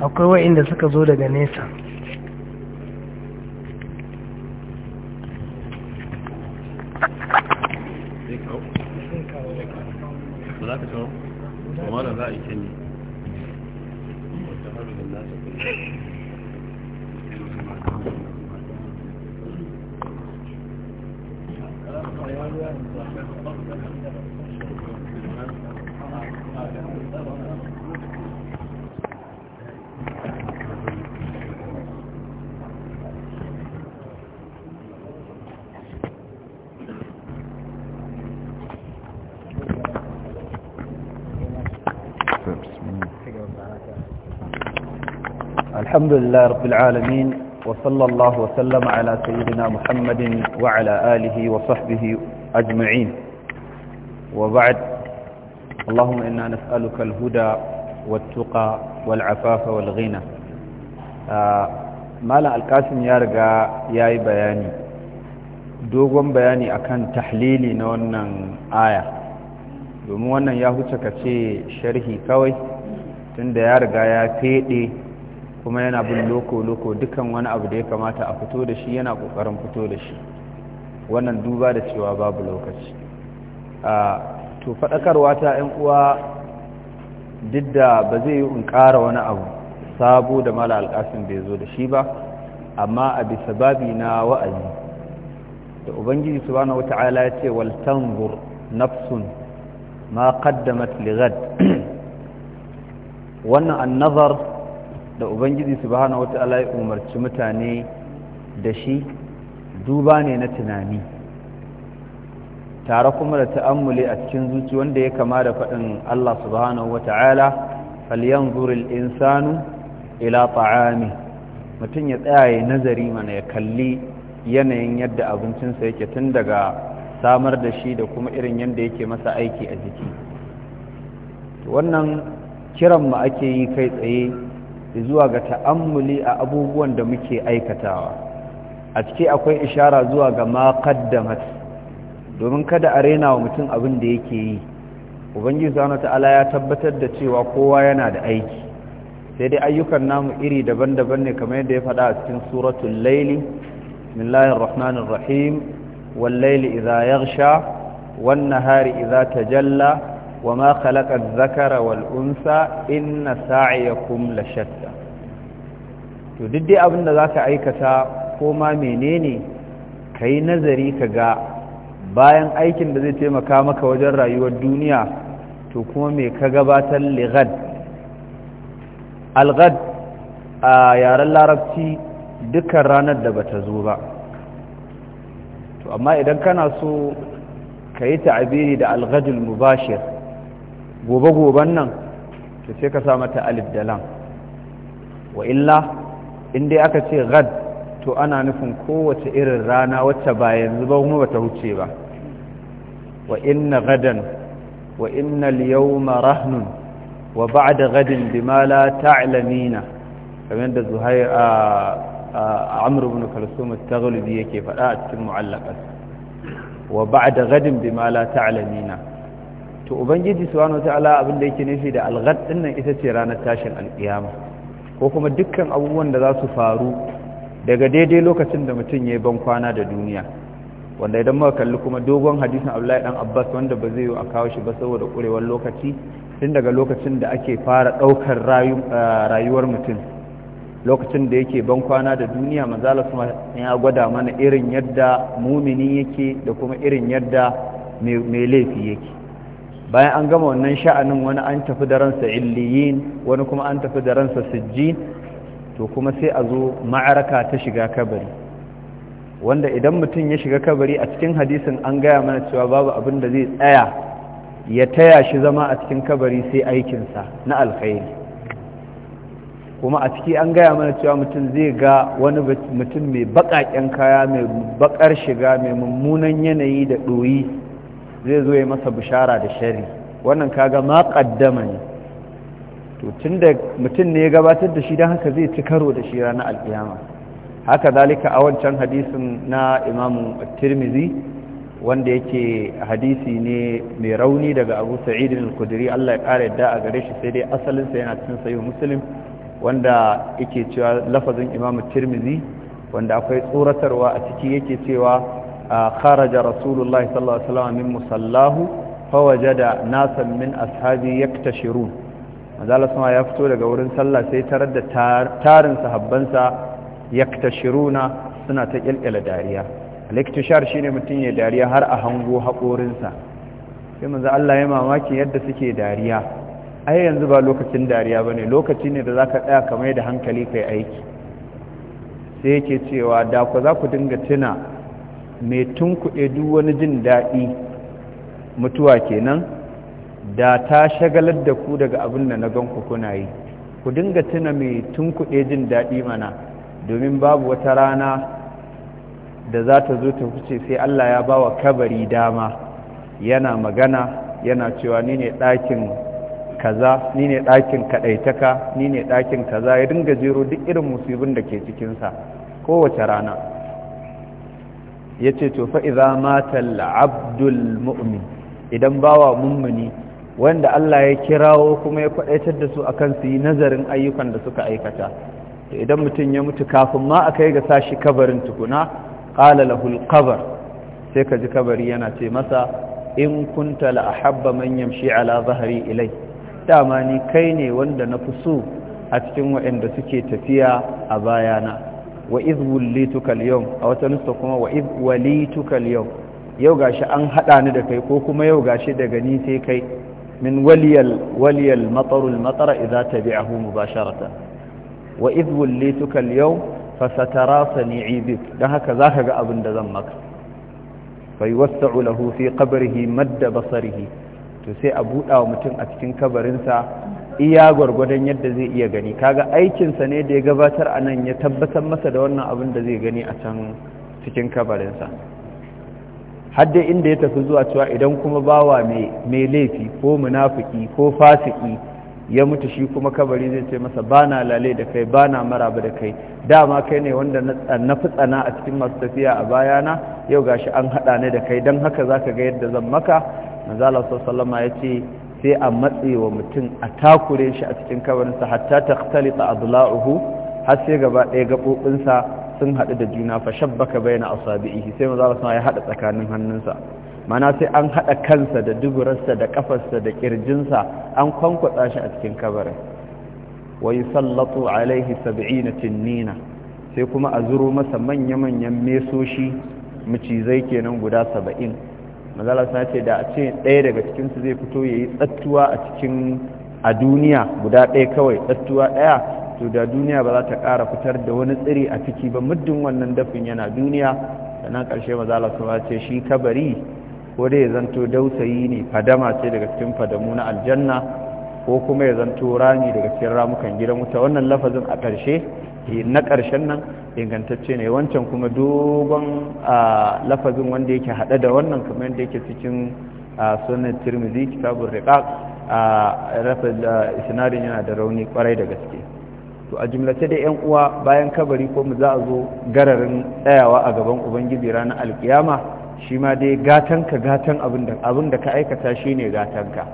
akwai wa'inda suka zo daga nesa الحمد لله رب العالمين وصلى الله وسلم على سيدنا محمد وعلى آله وصحبه أجمعين وبعد اللهم إنا نسألك الهدى والتقى والعفاف والغنى ما لا القاسم يرجع يا بياني dogon bayani akan tahlili na wannan aya domin wannan ya huce ka ce sharhi kawai tunda ya riga ya fede kuma yana bin loko-loko dukan wani abu da ya kamata a fito da shi yana ƙoƙarin fito da shi wannan duba da cewa babu lokaci to faɗakarwa ta 'yan uwa didda da ba zai yi in ƙara wani abu sabo da mala alƙasin bai zo da shi ba amma a bisa babi na wa'azi da ubangiji subhanahu wata'ala ya ce wal tanzur nafsun ma qaddamat lighad <clears throat> wannan annazar da ubangiji subhanahu wata ya umarci mutane da shi duba ne na tunani tare kuma da ta'ammuli a cikin zuci wanda ya kama da faɗin Allah wata ala falyan zuril insanu ila ta'ami mutum ya tsaya ya nazari mana ya kalli yanayin yadda abincinsa yake tun daga samar da shi da kuma irin yadda yake masa aiki a jiki wannan kiran mu ake yi kai tsaye zuwa ga ta'ammuli a abubuwan da muke aikatawa a ciki akwai ishara zuwa ga ma domin kada a rena wa mutum abin da yake yi ubangiji subhanahu ta'ala ya tabbatar da cewa kowa yana da aiki sai dai ayyukan namu iri daban-daban ne kamar yadda ya faɗa a cikin suratul laili bismillahir rahmanir rahim wal laili idha yaghsha wan nahari idha tajalla wa ma khalaqa zakara wal unsa inna sa'iyakum la shatta to duk abinda abin da zaka aikata ko ma menene kai nazari kaga bayan aikin da zai taimaka maka wajen rayuwar duniya to kuma me ka gabatar lighad alghad a yaren larabci dukkan ranar da bata zo ba to amma idan kana so ka yi ta'abiri da alghadul mubashir gobe-goben nan to sai ka sa mata alif da lam wa illa inda aka ce gad to ana nufin kowace irin rana wacce ba yanzu ba kuma bata huce ba wa inna gadan wa inna liyawma rahnun wa da gadin bimala la ta'lamina kamar da zuhair a amr ibn kalsum at-taghlibi yake faɗa a cikin mu'allaqat wa da gadin bimala la ta'lamina to ubangiji subhanahu wataala abin da yake nufi da alghad din nan ita ce ranar tashin alkiyama ko kuma dukkan abubuwan da za su faru daga daidai lokacin da mutum ya yi ban kwana da duniya wanda idan muka kalli kuma dogon hadisin Abdullahi dan Abbas wanda ba zai yi a kawo shi ba saboda kurewar lokaci tun daga lokacin da ake fara daukar rayuwar mutum lokacin da yake ban kwana da duniya manzala kuma ya gwada mana irin yadda mumini yake da kuma irin yadda mai laifi yake bayan an gama wannan sha'anin wani an tafi da ransa illiyin wani kuma an tafi da ransa sijjin to kuma sai a zo ma'araka ta shiga kabari wanda idan mutum ya shiga kabari a cikin hadisin an gaya mana cewa babu abin da zai tsaya ya taya shi zama a cikin kabari sai aikinsa na alkhairi kuma a ciki an gaya mana cewa mutum zai ga wani mutum mai baƙaƙen kaya mai baƙar shiga mai mummunan yanayi da ɗoyi zai zo ya masa bishara da shari wannan kaga ma kaddama ne to tunda mutum ne ya gabatar da shi don haka zai ci karo da shi ranar alkiyama haka zalika a wancan hadisin na imamu tirmizi wanda yake hadisi ne mai rauni daga abu sa'idin al Allah ya kara yadda a gare shi sai dai asalinsa yana cikin sayo musulun wanda yake cewa lafazin imamu tirmizi wanda akwai tsoratarwa a ciki yake cewa خرج رسول الله صلى الله عليه وسلم من مصلاه فوجد ناسا من أصحابه يكتشرون mazala sama ya fito daga wurin sallah sai tarar da tarin sahabbansa yaktashiruna suna ta kyalkyala dariya al-iktishar shine mutum ya dariya har a hango haƙorinsa sai manzo Allah ya mamaki yadda suke dariya ai yanzu ba lokacin dariya bane lokaci ne da zaka tsaya ka mai da hankali kai aiki sai yake cewa da ku za ku dinga tuna mai tunkuɗe duk wani jin daɗi mutuwa kenan da ta shagalar da ku daga abin da na ganku kuna yi ku dinga tuna mai tunkuɗe jin daɗi mana domin babu wata rana da za ta zo ta fice sai Allah ya ba wa kabari dama yana magana yana cewa ni ne ɗakin kaza ni ne ɗakin kaɗaitaka ni ne ɗakin kaza ya dinga jero duk irin musibin da ke cikinsa kowace rana ya ce to fa'iza matal abdul mu'min idan bawa mummuni wanda Allah ya kirawo kuma ya kwaɗaitar da su akan su yi nazarin ayyukan da suka aikata to idan mutum ya mutu kafin ma a kai ga sashi kabarin tukuna ƙala lahul kabar sai ka ji kabari yana ce masa in kunta la ahabba manyan yamshi ala zahari ilai dama ni kai ne wanda na fi so a cikin waɗanda suke tafiya a bayana wa iz wulituka al-yawm a wata kuma wa iz walituka al-yawm yau gashi an hada ni da kai ko kuma yau gashi daga ni sai kai min waliyal waliyal matarul matara idza tabi'ahu mubasharatan wa iz wulituka al-yawm fasatara sani'i bik dan haka zaka ga abin da zan maka fayuwassa'u lahu fi qabrihi madda basarihi to sai a buɗa wa mutum a cikin kabarinsa iya gwargwadon yadda zai iya gani kaga aikinsa ne da ya gabatar a nan ya tabbatar masa da wannan abin da zai gani a can cikin kabarinsa hadda inda ya tafi zuwa cewa idan kuma bawa mai laifi ko munafiki ko fasiki ya mutu shi kuma kabari zai ce masa bana lalai da kai ba maraba da kai dama kai ne wanda na fi tsana a cikin masu tafiya a bayana yau gashi an haɗa ne da kai don haka za ka ga yadda zan maka manzala sallama ya ce sai a matse wa mutum a takure shi a cikin kabarinsa hatta ta talita adla'uhu har sai gaba ɗaya gaɓoɓinsa sun haɗu da juna fa shabbaka a asabihi sai maza sama ya haɗa tsakanin hannunsa mana sai an haɗa kansa da duburarsa da ƙafarsa da ƙirjinsa an kwankwatsa shi a cikin kabarin wa sallatu alaihi sab'ina tinnina sai kuma a zuro masa manya-manyan mesoshi macizai kenan guda saba'in mazala suna ce da a ce ɗaya daga cikinsu zai fito ya yi tsattuwa a cikin a duniya guda ɗaya kawai tsattuwa ɗaya to da duniya ba za ta ƙara fitar da wani tsiri a ciki ba muddin wannan dafin yana duniya sannan ƙarshe mazala suna ce shi kabari ko dai ya zanto dausayi ne fadama ce daga cikin fadamu na aljanna ko kuma ya zanto rami daga cikin ramukan gidan wuta wannan lafazin a ƙarshe Eh, na ƙarshen nan ingantacce ne wancan kuma dogon lafazin wanda yake haɗe da wannan kamar yadda yake cikin sunan tirmidhi kitabun riqaq isnadin yana da rauni kwarai da gaske to a jimlace da yan uwa bayan kabari ko mu za a zo gararin tsayawa a gaban ubangiji ranar alkiyama shi ma dai gatanka gatan abin da ka aikata shine gatanka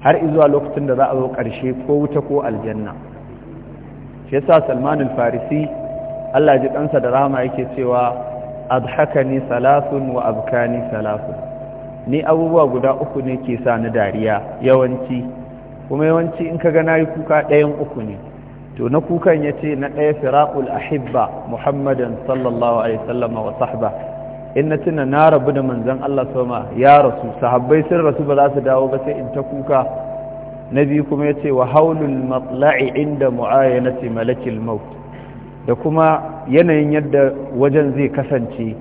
har izuwa lokacin da za a zo ƙarshe ko wuta ko aljanna shi yasa salman al-farisi Allah ji ɗansa da rahama yake cewa adhakani salasun wa abkani salasun ni abubuwa guda uku ne ke sa na dariya yawanci kuma yawanci in ka ga nayi kuka ɗayan uku ne to na kukan yace na ɗaya firaqul ahibba muhammadan sallallahu alaihi wasallam wa sahba in na tuna na rabu da manzon Allah sama ya rasu sahabbai sun rasu ba za su dawo ba sai in ta kuka na biyu kuma ya ce wa haulun matla'i inda mu'ayyanati malakil maut da kuma yanayin yadda wajen zai kasance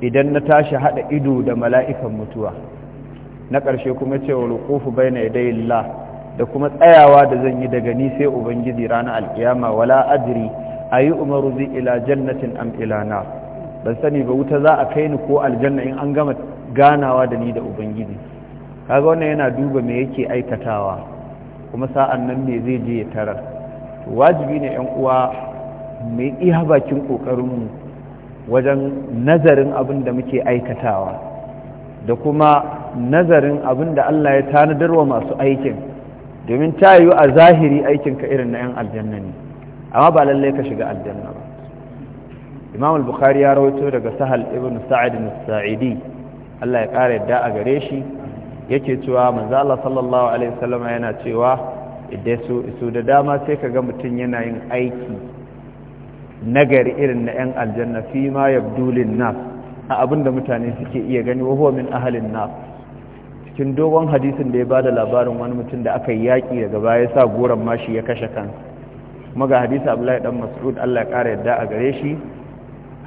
idan na tashi hada ido da mala'ikan mutuwa na ƙarshe kuma ce wa rukufu bai na idayillah da kuma tsayawa da zan yi daga ni sai ubangiji ranar alkiyama wala adiri a yi umaru zai ila jannatin am ilana na ban sani ba wuta za a kai ni ko aljanna in an gama ganawa da ni da ubangiji kaga wannan yana duba me yake aikatawa kuma sa'an nan me zai je ya tarar wajibi ne yan uwa mu iya bakin kokarinmu wajen nazarin abin da muke aikatawa da kuma nazarin abin da Allah ya tanadarwa masu aikin domin ta yi a zahiri aikin ka irin na 'yan aljanna ne amma ba lallai ka shiga aljanna ba imam al-bukhari ya rawaito daga sahal ibn sa'id al-sa'idi Allah ya kare da a gare shi yake cewa Allah sallallahu alaihi wasallam yana cewa idan su su da dama sai kaga mutum yana yin aiki nagari irin na yan aljanna fi ma yabdulin nas a abinda mutane suke iya gani wa huwa min ahlin nas cikin dogon hadisin da ya bada labarin wani mutum da aka yaki daga baya sa goran mashi ya kashe kansa kuma ga hadisi Abdullahi dan Mas'ud Allah ya kara yadda a gare shi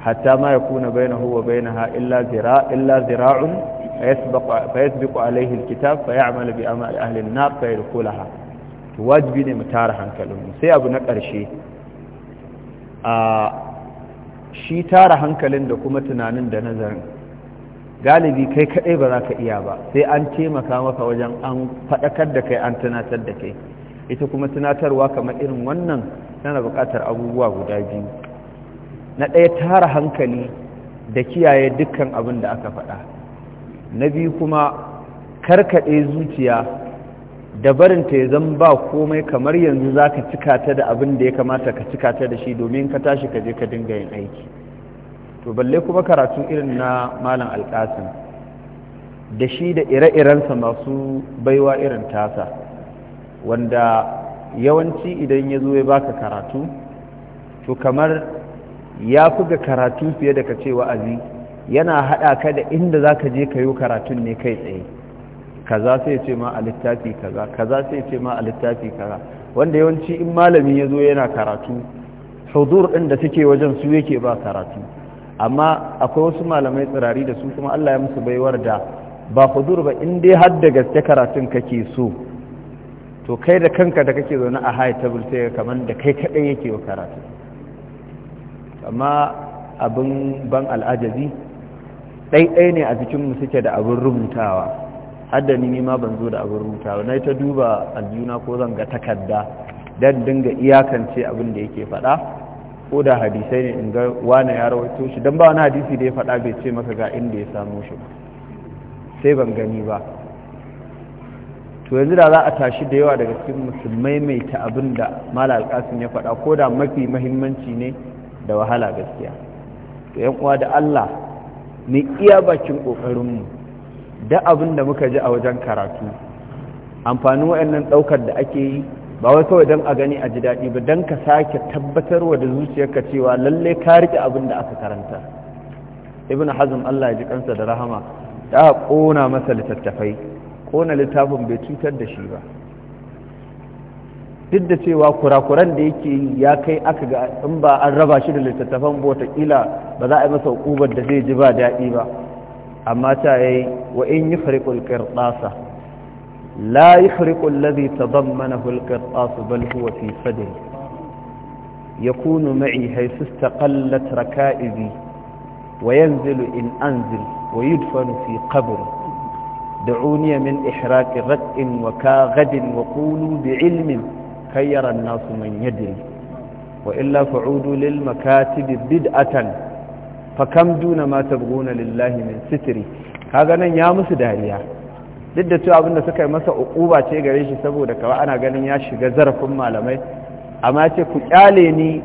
hatta ma yakuna bainahu wa bainaha illa zira illa zira'un فيسبق alaihi alkitab fayamalu bi amali ahli an-nar fayadkhulaha to wajibi ne mu tara hankalinmu sai abu na ƙarshe shi tara hankalin da kuma tunanin da nazarin galibi kai kadai ba za ka iya ba sai an taimaka maka wajen an faɗakar da kai an tunatar da kai ita kuma tunatarwa kamar irin wannan tana buƙatar abubuwa guda biyu na ɗaya tara hankali da kiyaye dukkan abin da aka faɗa na biyu kuma karkaɗe zuciya da barinta ya zama ba komai kamar yanzu za ka cika ta da abin da ya kamata ka cika ta da shi domin ka tashi ka je ka dinga yin aiki to balle kuma karatun irin na malam alƙasin da shi da ire-irensa masu baiwa irin tasa wanda yawanci idan ya zo ya baka karatu to kamar ya fi ga karatu fiye da ka ce wa'azi yana haɗa ka da inda za ka je ka yi karatun ne kai tsaye kaza sai ce ma a littafi kaza kaza sai ce ma a littafi kaza wanda yawanci in malami ya zo yana karatu hudur ɗin da suke wajen su yake ba karatu amma akwai wasu malamai tsirari da su kuma Allah ya musu baiwar da ba hudur ba in dai har da gaske karatun kake so to kai da kanka da kake zaune a high table sai kamar da kai kaɗai yake wa karatu amma abin ban al'ajabi ɗaiɗai ne a cikinmu suke da abin rubutawa hadda ni ma ban zo da abin rubutawa na ta duba aljuna ko zan ga takarda don dinga iyakance abin da yake faɗa ko da hadisai ne in ga wane ya rawaito shi don ba wani hadisi da ya faɗa bai ce maka ga inda ya samo shi sai ban gani ba to yanzu da za a tashi da yawa daga cikin musulmai mai ta abin da mala alƙasin ya faɗa ko da mafi mahimmanci ne da wahala gaskiya to yan uwa da allah Mai iya bakin ƙoƙarinmu da abin da muka ji a wajen karatu amfanin waɗannan ɗaukar da ake yi ba wai kawai don a gani a ji daɗi ba don ka sake tabbatar wa da zuciyarka cewa lalle ka riƙe abin da aka karanta ibn hazm Allah ya ji kansa da rahama da ƙona masa littattafai ƙona littafin bai cutar da shi ba duk da cewa kurakuran da yake yi ya kai aka ga in ba an raba shi da littattafan botakila ba za a yi masa hukubar da zai ji ba daɗi ba amma ta yi wa in yi fariƙul ƙirɗasa la yi fariƙul lazi ta ban mana hulƙar ƙasu bal huwa fi sadin ya kunu ma'i haisu ta ƙallat raka'izi wa yanzilu in anzil wa yudfanu fi qabri دعوني من إحراق رق وكاغد وقولوا بعلم خير الناس من يدري وإلا فعودوا للمكاتب بدعة فكم دون ما تبغون لله من ستري هذا نن يا musu dariya duk da cewa abinda suka yi masa ukuba ce gare shi saboda kawai ana ganin ya shiga zarafin malamai amma ce ku kyale ni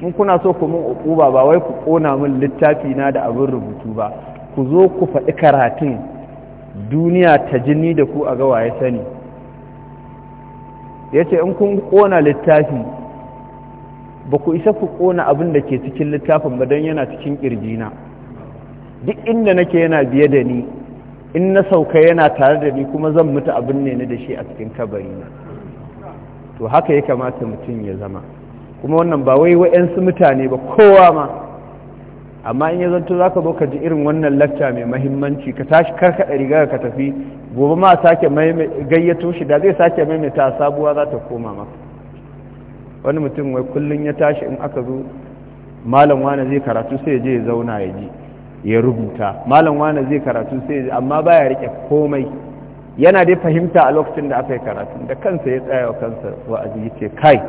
in kuna so ku min ukuba ba wai ku kona min littafi na da abin rubutu ba ku zo ku faɗi karatun duniya ta jini da ku a ga waye sani ya ce in kun kona littafi ba ku isa ku kona abin da ke cikin littafin ba don yana cikin ƙirjina duk inda nake yana biye da ni in na sauka yana tare da ni kuma zan mutu abin ne na da shi a cikin kabarina to haka ya kamata mutum ya zama kuma wannan ba wai wa'yansu mutane ba kowa ma amma in ya zanto za ka zo ka ji irin wannan lacca mai mahimmanci ka tashi karkaɗa riga ka tafi gobe ma sake gayyato shi da zai sake maimaita sabuwa za ta koma maka wani mutum wai kullum ya tashi in aka zo malam wane zai karatu sai je ya zauna ya ji ya rubuta malam wane zai karatu sai ya amma baya rike komai yana dai fahimta a lokacin da aka yi karatu da kansa ya tsaya wa kansa wa'azi ya ce kai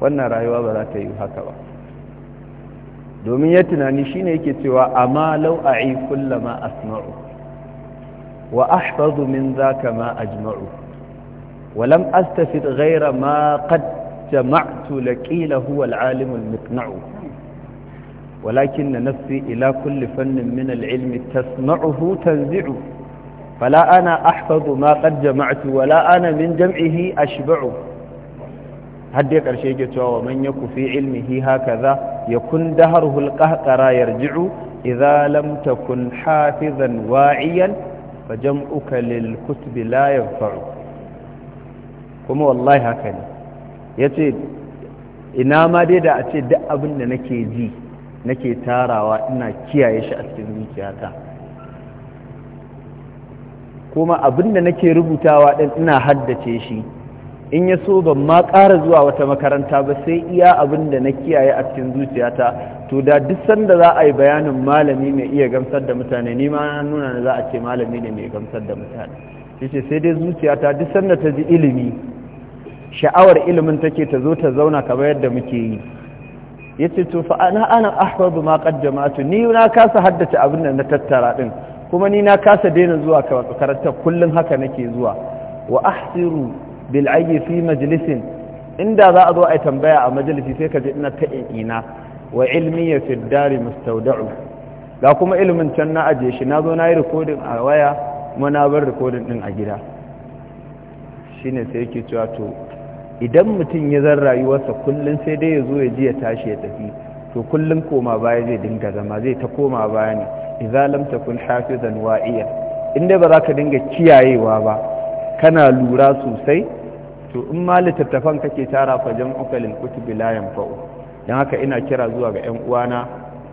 wannan rayuwa ba za ta yi haka ba domin ya tunani shi ne yake cewa amma lau a'i kullama asma'u وأحفظ من ذاك ما أجمع ولم أستفد غير ما قد جمعت لكيل هو العالم المقنع ولكن نفسي إلى كل فن من العلم تسمعه تنزع فلا أنا أحفظ ما قد جمعت ولا أنا من جمعه أشبع هدي قرشي جتوا ومن يك في علمه هكذا يكن دهره القهقرى يرجع إذا لم تكن حافظا واعيا fa lil kutubi la yanfa'u kuma wallahi haka ne yace ina ma dai da a ce duk abin da nake ji nake tarawa ina kiyaye shi a cikin zuciyata kuma abin da nake rubutawa din ina haddace shi in ya so ban ma ƙara zuwa wata makaranta ba sai iya abin da na kiyaye a cikin zuciyata to da duk sanda za a yi bayanin malami mai iya gamsar da mutane ni ma nuna na za a ce malami ne mai gamsar da mutane ce sai dai zuciyata duk sanda ta ji ilimi sha'awar ilimin take ta zo ta zauna kamar yadda muke yi ya ce to fa ana ana ahfadu ma jama'atu ni na kasa haddace abin da na tattara din kuma ni na kasa daina zuwa makarantar kullun haka nake zuwa wa ahsiru bil'ayyi fi majalisin inda za a zo a tambaya a majalisi sai ka ji ina ta ina wa ilmi ya fi dari mustauda'u ga kuma ilimin can na ajiye shi na zo na yi rikodin a waya kuma na bar rikodin din a gida shine sai yake cewa to idan mutum ya zan rayuwarsa kullum sai dai ya zo ya ji ya tashi ya tafi to kullum koma baya zai dinga zama zai ta koma baya ne idza lam takun hafizan wa'iya inda ba za ka dinga kiyayewa ba kana lura sosai to in ma littattafan kake tara fa jam'uka lil kutubi la yanfa'u dan haka ina kira zuwa ga ƴan uwana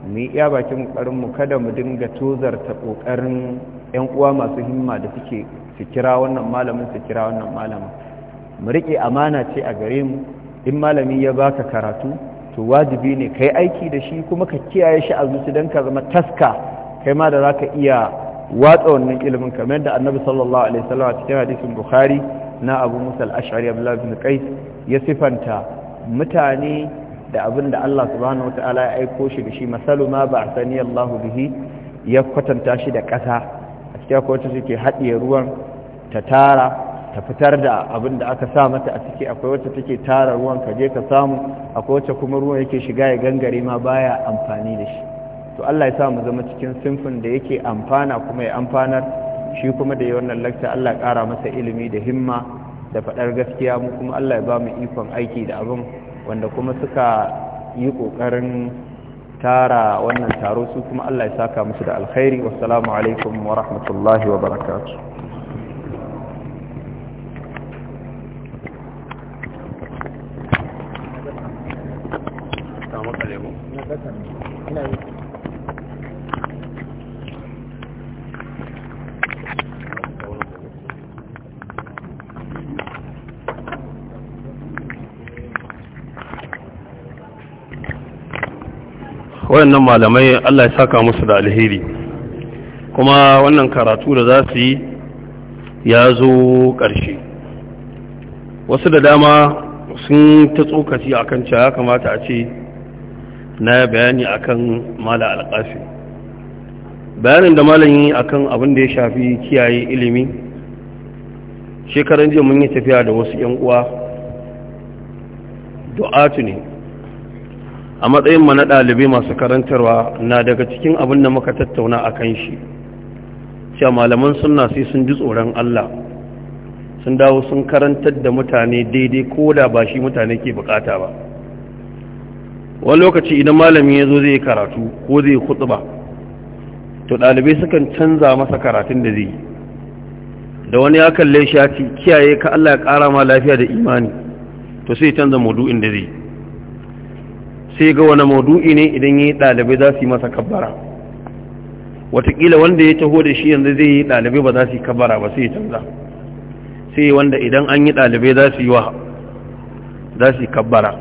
mu iya bakin kokarin mu kada mu dinga tozarta kokarin 'yan uwa masu himma da suke su kira wannan malamin su kira wannan malamin mu rike amana ce a gare mu in malami ya baka karatu to wajibi ne kai aiki da shi kuma ka kiyaye shi a zuci dan ka zama taska kai ma da zaka iya watsa wannan ilimin kamar yadda annabi sallallahu alaihi wasallam cikin hadisin bukhari na abu musal ashari abdullahi bin qais ya sifanta mutane da abin da Allah subhanahu wataala ya aiko shi da shi masalu ma sani Allahu bihi ya kwatanta shi da ƙasa a cikin akwai wacce haɗiye ruwan ta tara ta fitar da abin da aka sa mata a ciki akwai wacce take tara ruwan ka je ka samu akwai wacce kuma ruwan yake shiga ya gangare ma baya amfani da shi to Allah ya sa mu zama cikin sinfin da yake amfana kuma ya amfanar shi kuma da yi wannan lakta Allah ƙara masa ilimi da himma da faɗar gaskiya mu kuma Allah ya ba mu ikon aiki da abin wanda kuma suka yi ƙoƙarin tara wannan taro su kuma Allah ya saka musu da alkhairi wassalamu alaikum wa rahmatullahi wa barakatuh waɗannan malamai Allah ya saka musu da alheri kuma wannan karatu da za su yi ya zo ƙarshe wasu da dama sun ta tsokaci a kan cewa kamata a ce na bayani a kan alƙafi bayanin da malami akan kan abin da ya shafi kiyaye ilimi shekaran jiya mun yi tafiya da wasu 'yan uwa du'atu ne a matsayin mana ɗalibai masu karantarwa na daga cikin abin da muka tattauna a kan shi cewa malaman sunna sai sun ji tsoron Allah sun dawo sun karantar da mutane daidai ko da ba shi mutane ke bukata ba wani lokaci idan malami ya zo zai karatu ko zai ba, to ɗalibai sukan canza masa karatun da zai da wani ya kalle shi ya ce kiyaye ka Allah ya ƙara ma lafiya da imani to sai canza maudu'in da zai sai ga wani maudu'i ne idan yi ɗalibai za su yi masa kabbara watakila wanda ya taho da shi yanzu zai yi ɗalibai ba za su yi kabbara ba sai ya canza sai wanda idan an yi ɗalibai za su yi wa za su yi kabbara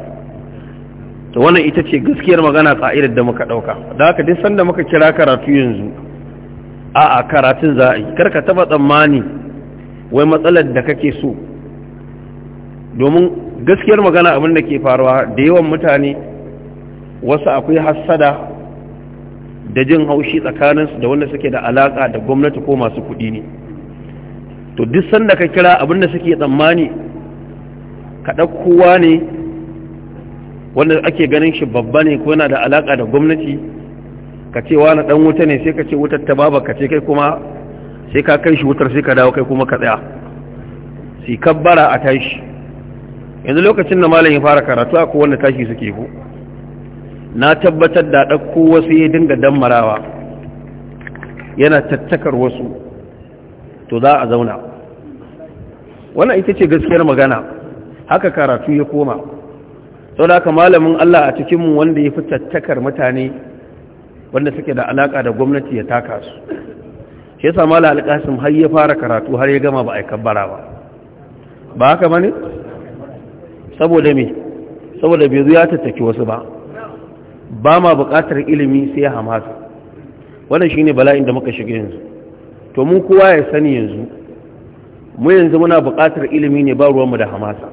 to wannan ita ce gaskiyar magana ƙa'idar da muka ɗauka da haka duk sanda muka kira karatu yanzu a'a karatun za a yi ka taɓa tsammani wai matsalar da kake so domin gaskiyar magana abin da ke faruwa da yawan mutane wasu akwai hassada da jin haushi tsakaninsu da wanda suke da alaka da gwamnati ko masu kuɗi ne to duk sanda ka kira abinda suke tsammani ka kowa ne wanda ake ganin shi babba ne ko yana da alaka da gwamnati ka ce wa na ɗan wuta ne sai ka ce wutar ta baba ka ce kai kuma sai ka kai shi wutar sai ka dawo kai kuma ka tsaya sai kabbara a tashi yanzu lokacin da malam ya fara karatu akwai wanda tashi suke ko na tabbatar da ɗauko wasu ya dinga dammarawa yana tattakar wasu to za a zauna wannan ita ce gaskiyar magana haka karatu ya koma sau da haka malamin Allah a cikinmu wanda ya fi tattakar mutane wanda suke da alaƙa da gwamnati ya taka su shi yasa mala alƙasim har ya fara karatu har ya gama ba a kabbara ba ba haka ba ne saboda mai, saboda bai zuya tattaki wasu ba ba ma buƙatar ilimi sai hamasa wannan shine bala'in da muka shiga yanzu to mu kowa ya sani yanzu mu yanzu muna buƙatar ilimi ne ba ruwanmu da hamasa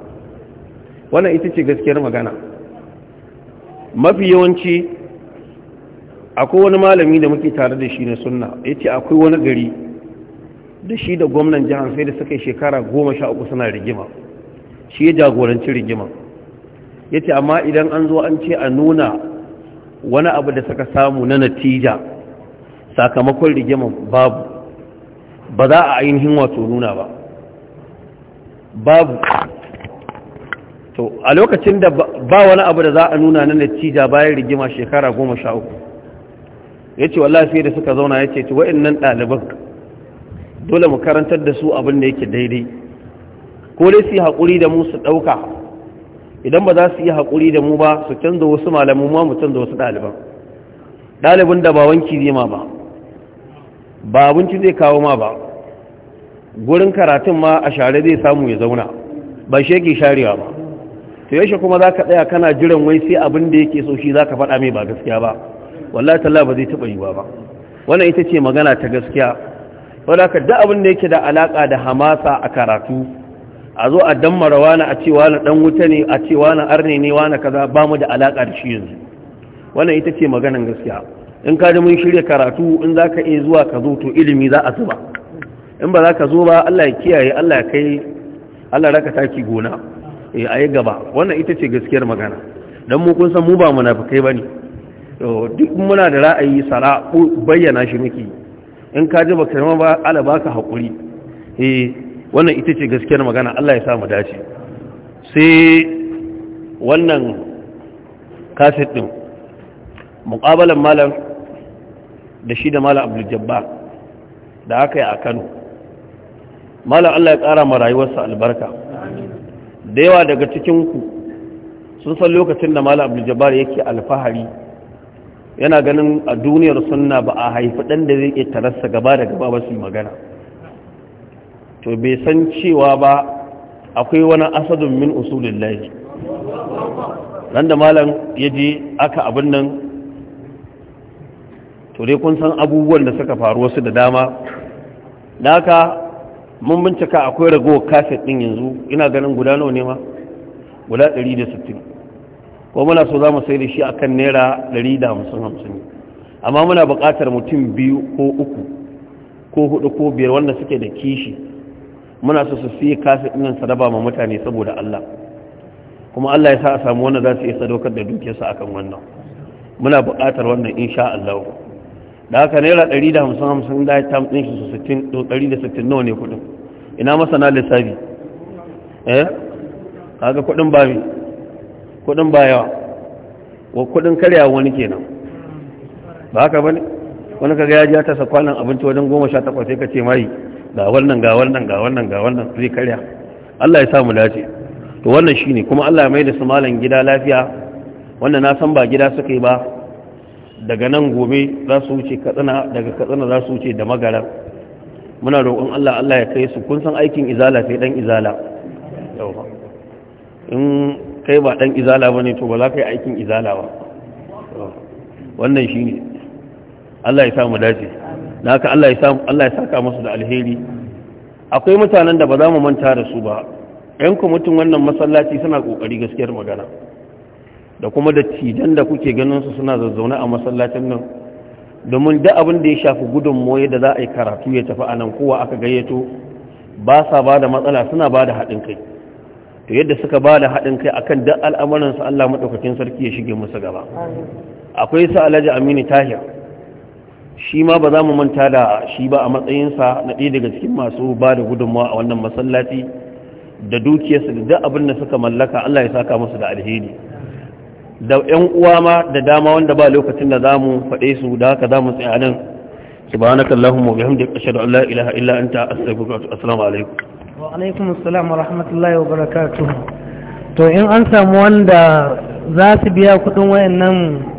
wannan ita ce gaskiyar magana mafi yawanci akwai wani malami da muke tare da shi na sunna ya ce akwai wani gari da shi da gwamnan jihar sai da suka yi shekara goma sha uku suna rigima shi ya jagoranci rigima ya ce amma idan an zo an ce a nuna wani abu da suka samu na natija sakamakon rigima babu ba za a ainihin wato nuna ba babu to a lokacin da ba wani abu da za a nuna na natija bayan rigima shekara goma sha uku ya ce wallahi sai da suka zauna ya ce ci nan ɗaliban dole mu karantar da su abin da yake daidai ko dai su yi haƙuri da mu su ɗauka idan ba za su yi haƙuri da mu ba su canza wasu malamu ma mu canza wasu ɗaliban ɗalibin da ba wanki zai ba ba abinci zai kawo ma ba gurin karatun ma a share zai samu ya zauna ba shi yake sharewa ba to yaushe kuma za ka tsaya kana jiran wai sai abin da yake so shi za ka faɗa mai ba gaskiya ba wallahi talla ba zai taɓa yiwa ba wannan ita ce magana ta gaskiya wadda ka duk abin da yake da alaƙa da hamasa a karatu a zo a dammara wani a ce na dan wuta ne a ce na arne ne wani kaza ba mu da alaka da shi yanzu wannan ita ce maganan gaskiya in ka ji mun shirya karatu in za ka iya zuwa ka zo to ilimi za a zuba in ba za ka zo ba Allah ya kiyaye Allah ya kai Allah raka taki gona eh ayi gaba wannan ita ce gaskiyar magana dan mu kun san mu ba munafikai bane duk muna da ra'ayi sara bayyana shi muke in ka ji baka ba Allah baka hakuri eh wannan ita ce gaskiyar magana Allah ya sa mu dace sai wannan kaset din muqabalan malam da shi da malam Abdul Jabbar da aka yi a Kano malam Allah ya ƙara ma rayuwarsa albarka da yawa daga cikin ku sun san lokacin da malam Abdul Jabbar yake alfahari yana ganin a duniyar sunna ba a haifi dan da zai iya tarassa gaba da gaba ba su magana to bai san cewa ba akwai wani asadun min usulun layi nan da malam ya je aka abin nan to dai kun san abubuwan da suka faru wasu da dama da haka mun bincika akwai ragowar kafin ɗin yanzu ina ganin guda nawa ne ma guda 160 ko muna so za mu sai da shi akan naira 150 amma muna buƙatar mutum biyu ko uku ko hudu ko biyar wanda suke da kishi muna so su yi kasa ɗinan sadaba ma mutane saboda Allah kuma Allah ya sa a samu wanda za su iya sadaukar da dukiyarsa akan wannan muna buƙatar wannan insha Allah da haka naira 150 da da ta ɗin shi su 160 nawa ne kuɗin ina masana lissafi eh kaga kuɗin ba mi kuɗin ba yawa wa kuɗin karya wani kenan ba haka bane wani kaga ya ji ta tasa kwanan abinci wajen 18 sai ka ce mai ga wannan ga wannan ga wannan ga wannan zai karya Allah ya samu dace to wannan shine kuma Allah ya mai da su malan gida lafiya wannan na san ba gida suka yi ba daga nan gobe za su wuce katsina daga katsina za su wuce da magara muna roƙon Allah Allah ya kai su kun san aikin izala sai dan izala yawa in kai ba dan izala bane to ba za ka yi aikin izala ba wannan shine Allah ya samu dace da haka Allah ya samu Allah ya saka musu da alheri akwai mutanen da ba za mu manta da su ba yan mutum wannan masallaci suna kokari gaskiyar magana da kuma dattijan da kuke ganin su suna zazzauna a masallacin nan domin duk abin da ya shafi gudunmoye da za a yi karatu ya tafi a nan kowa aka gayyato ba sa ba da matsala suna ba da haɗin kai to yadda suka ba da haɗin kai akan duk al'amuransu Allah maɗaukakin sarki ya shige musu gaba akwai su alhaji aminu tahir shi ma ba za mu manta da shi ba a matsayinsa na ɗaya daga cikin masu ba da gudunmawa a wannan masallaci da dukiyarsa da duk abin da suka mallaka Allah ya saka musu da alheri da ƴan uwa ma da dama wanda ba lokacin da zamu faɗe su da haka zamu tsaya nan subhanakallahumma wa bihamdika ashhadu an la ilaha illa anta astaghfiruka wa atubu assalamu alaikum wa alaikum assalam wa rahmatullahi wa barakatuh to in an samu wanda za su biya kuɗin wayannan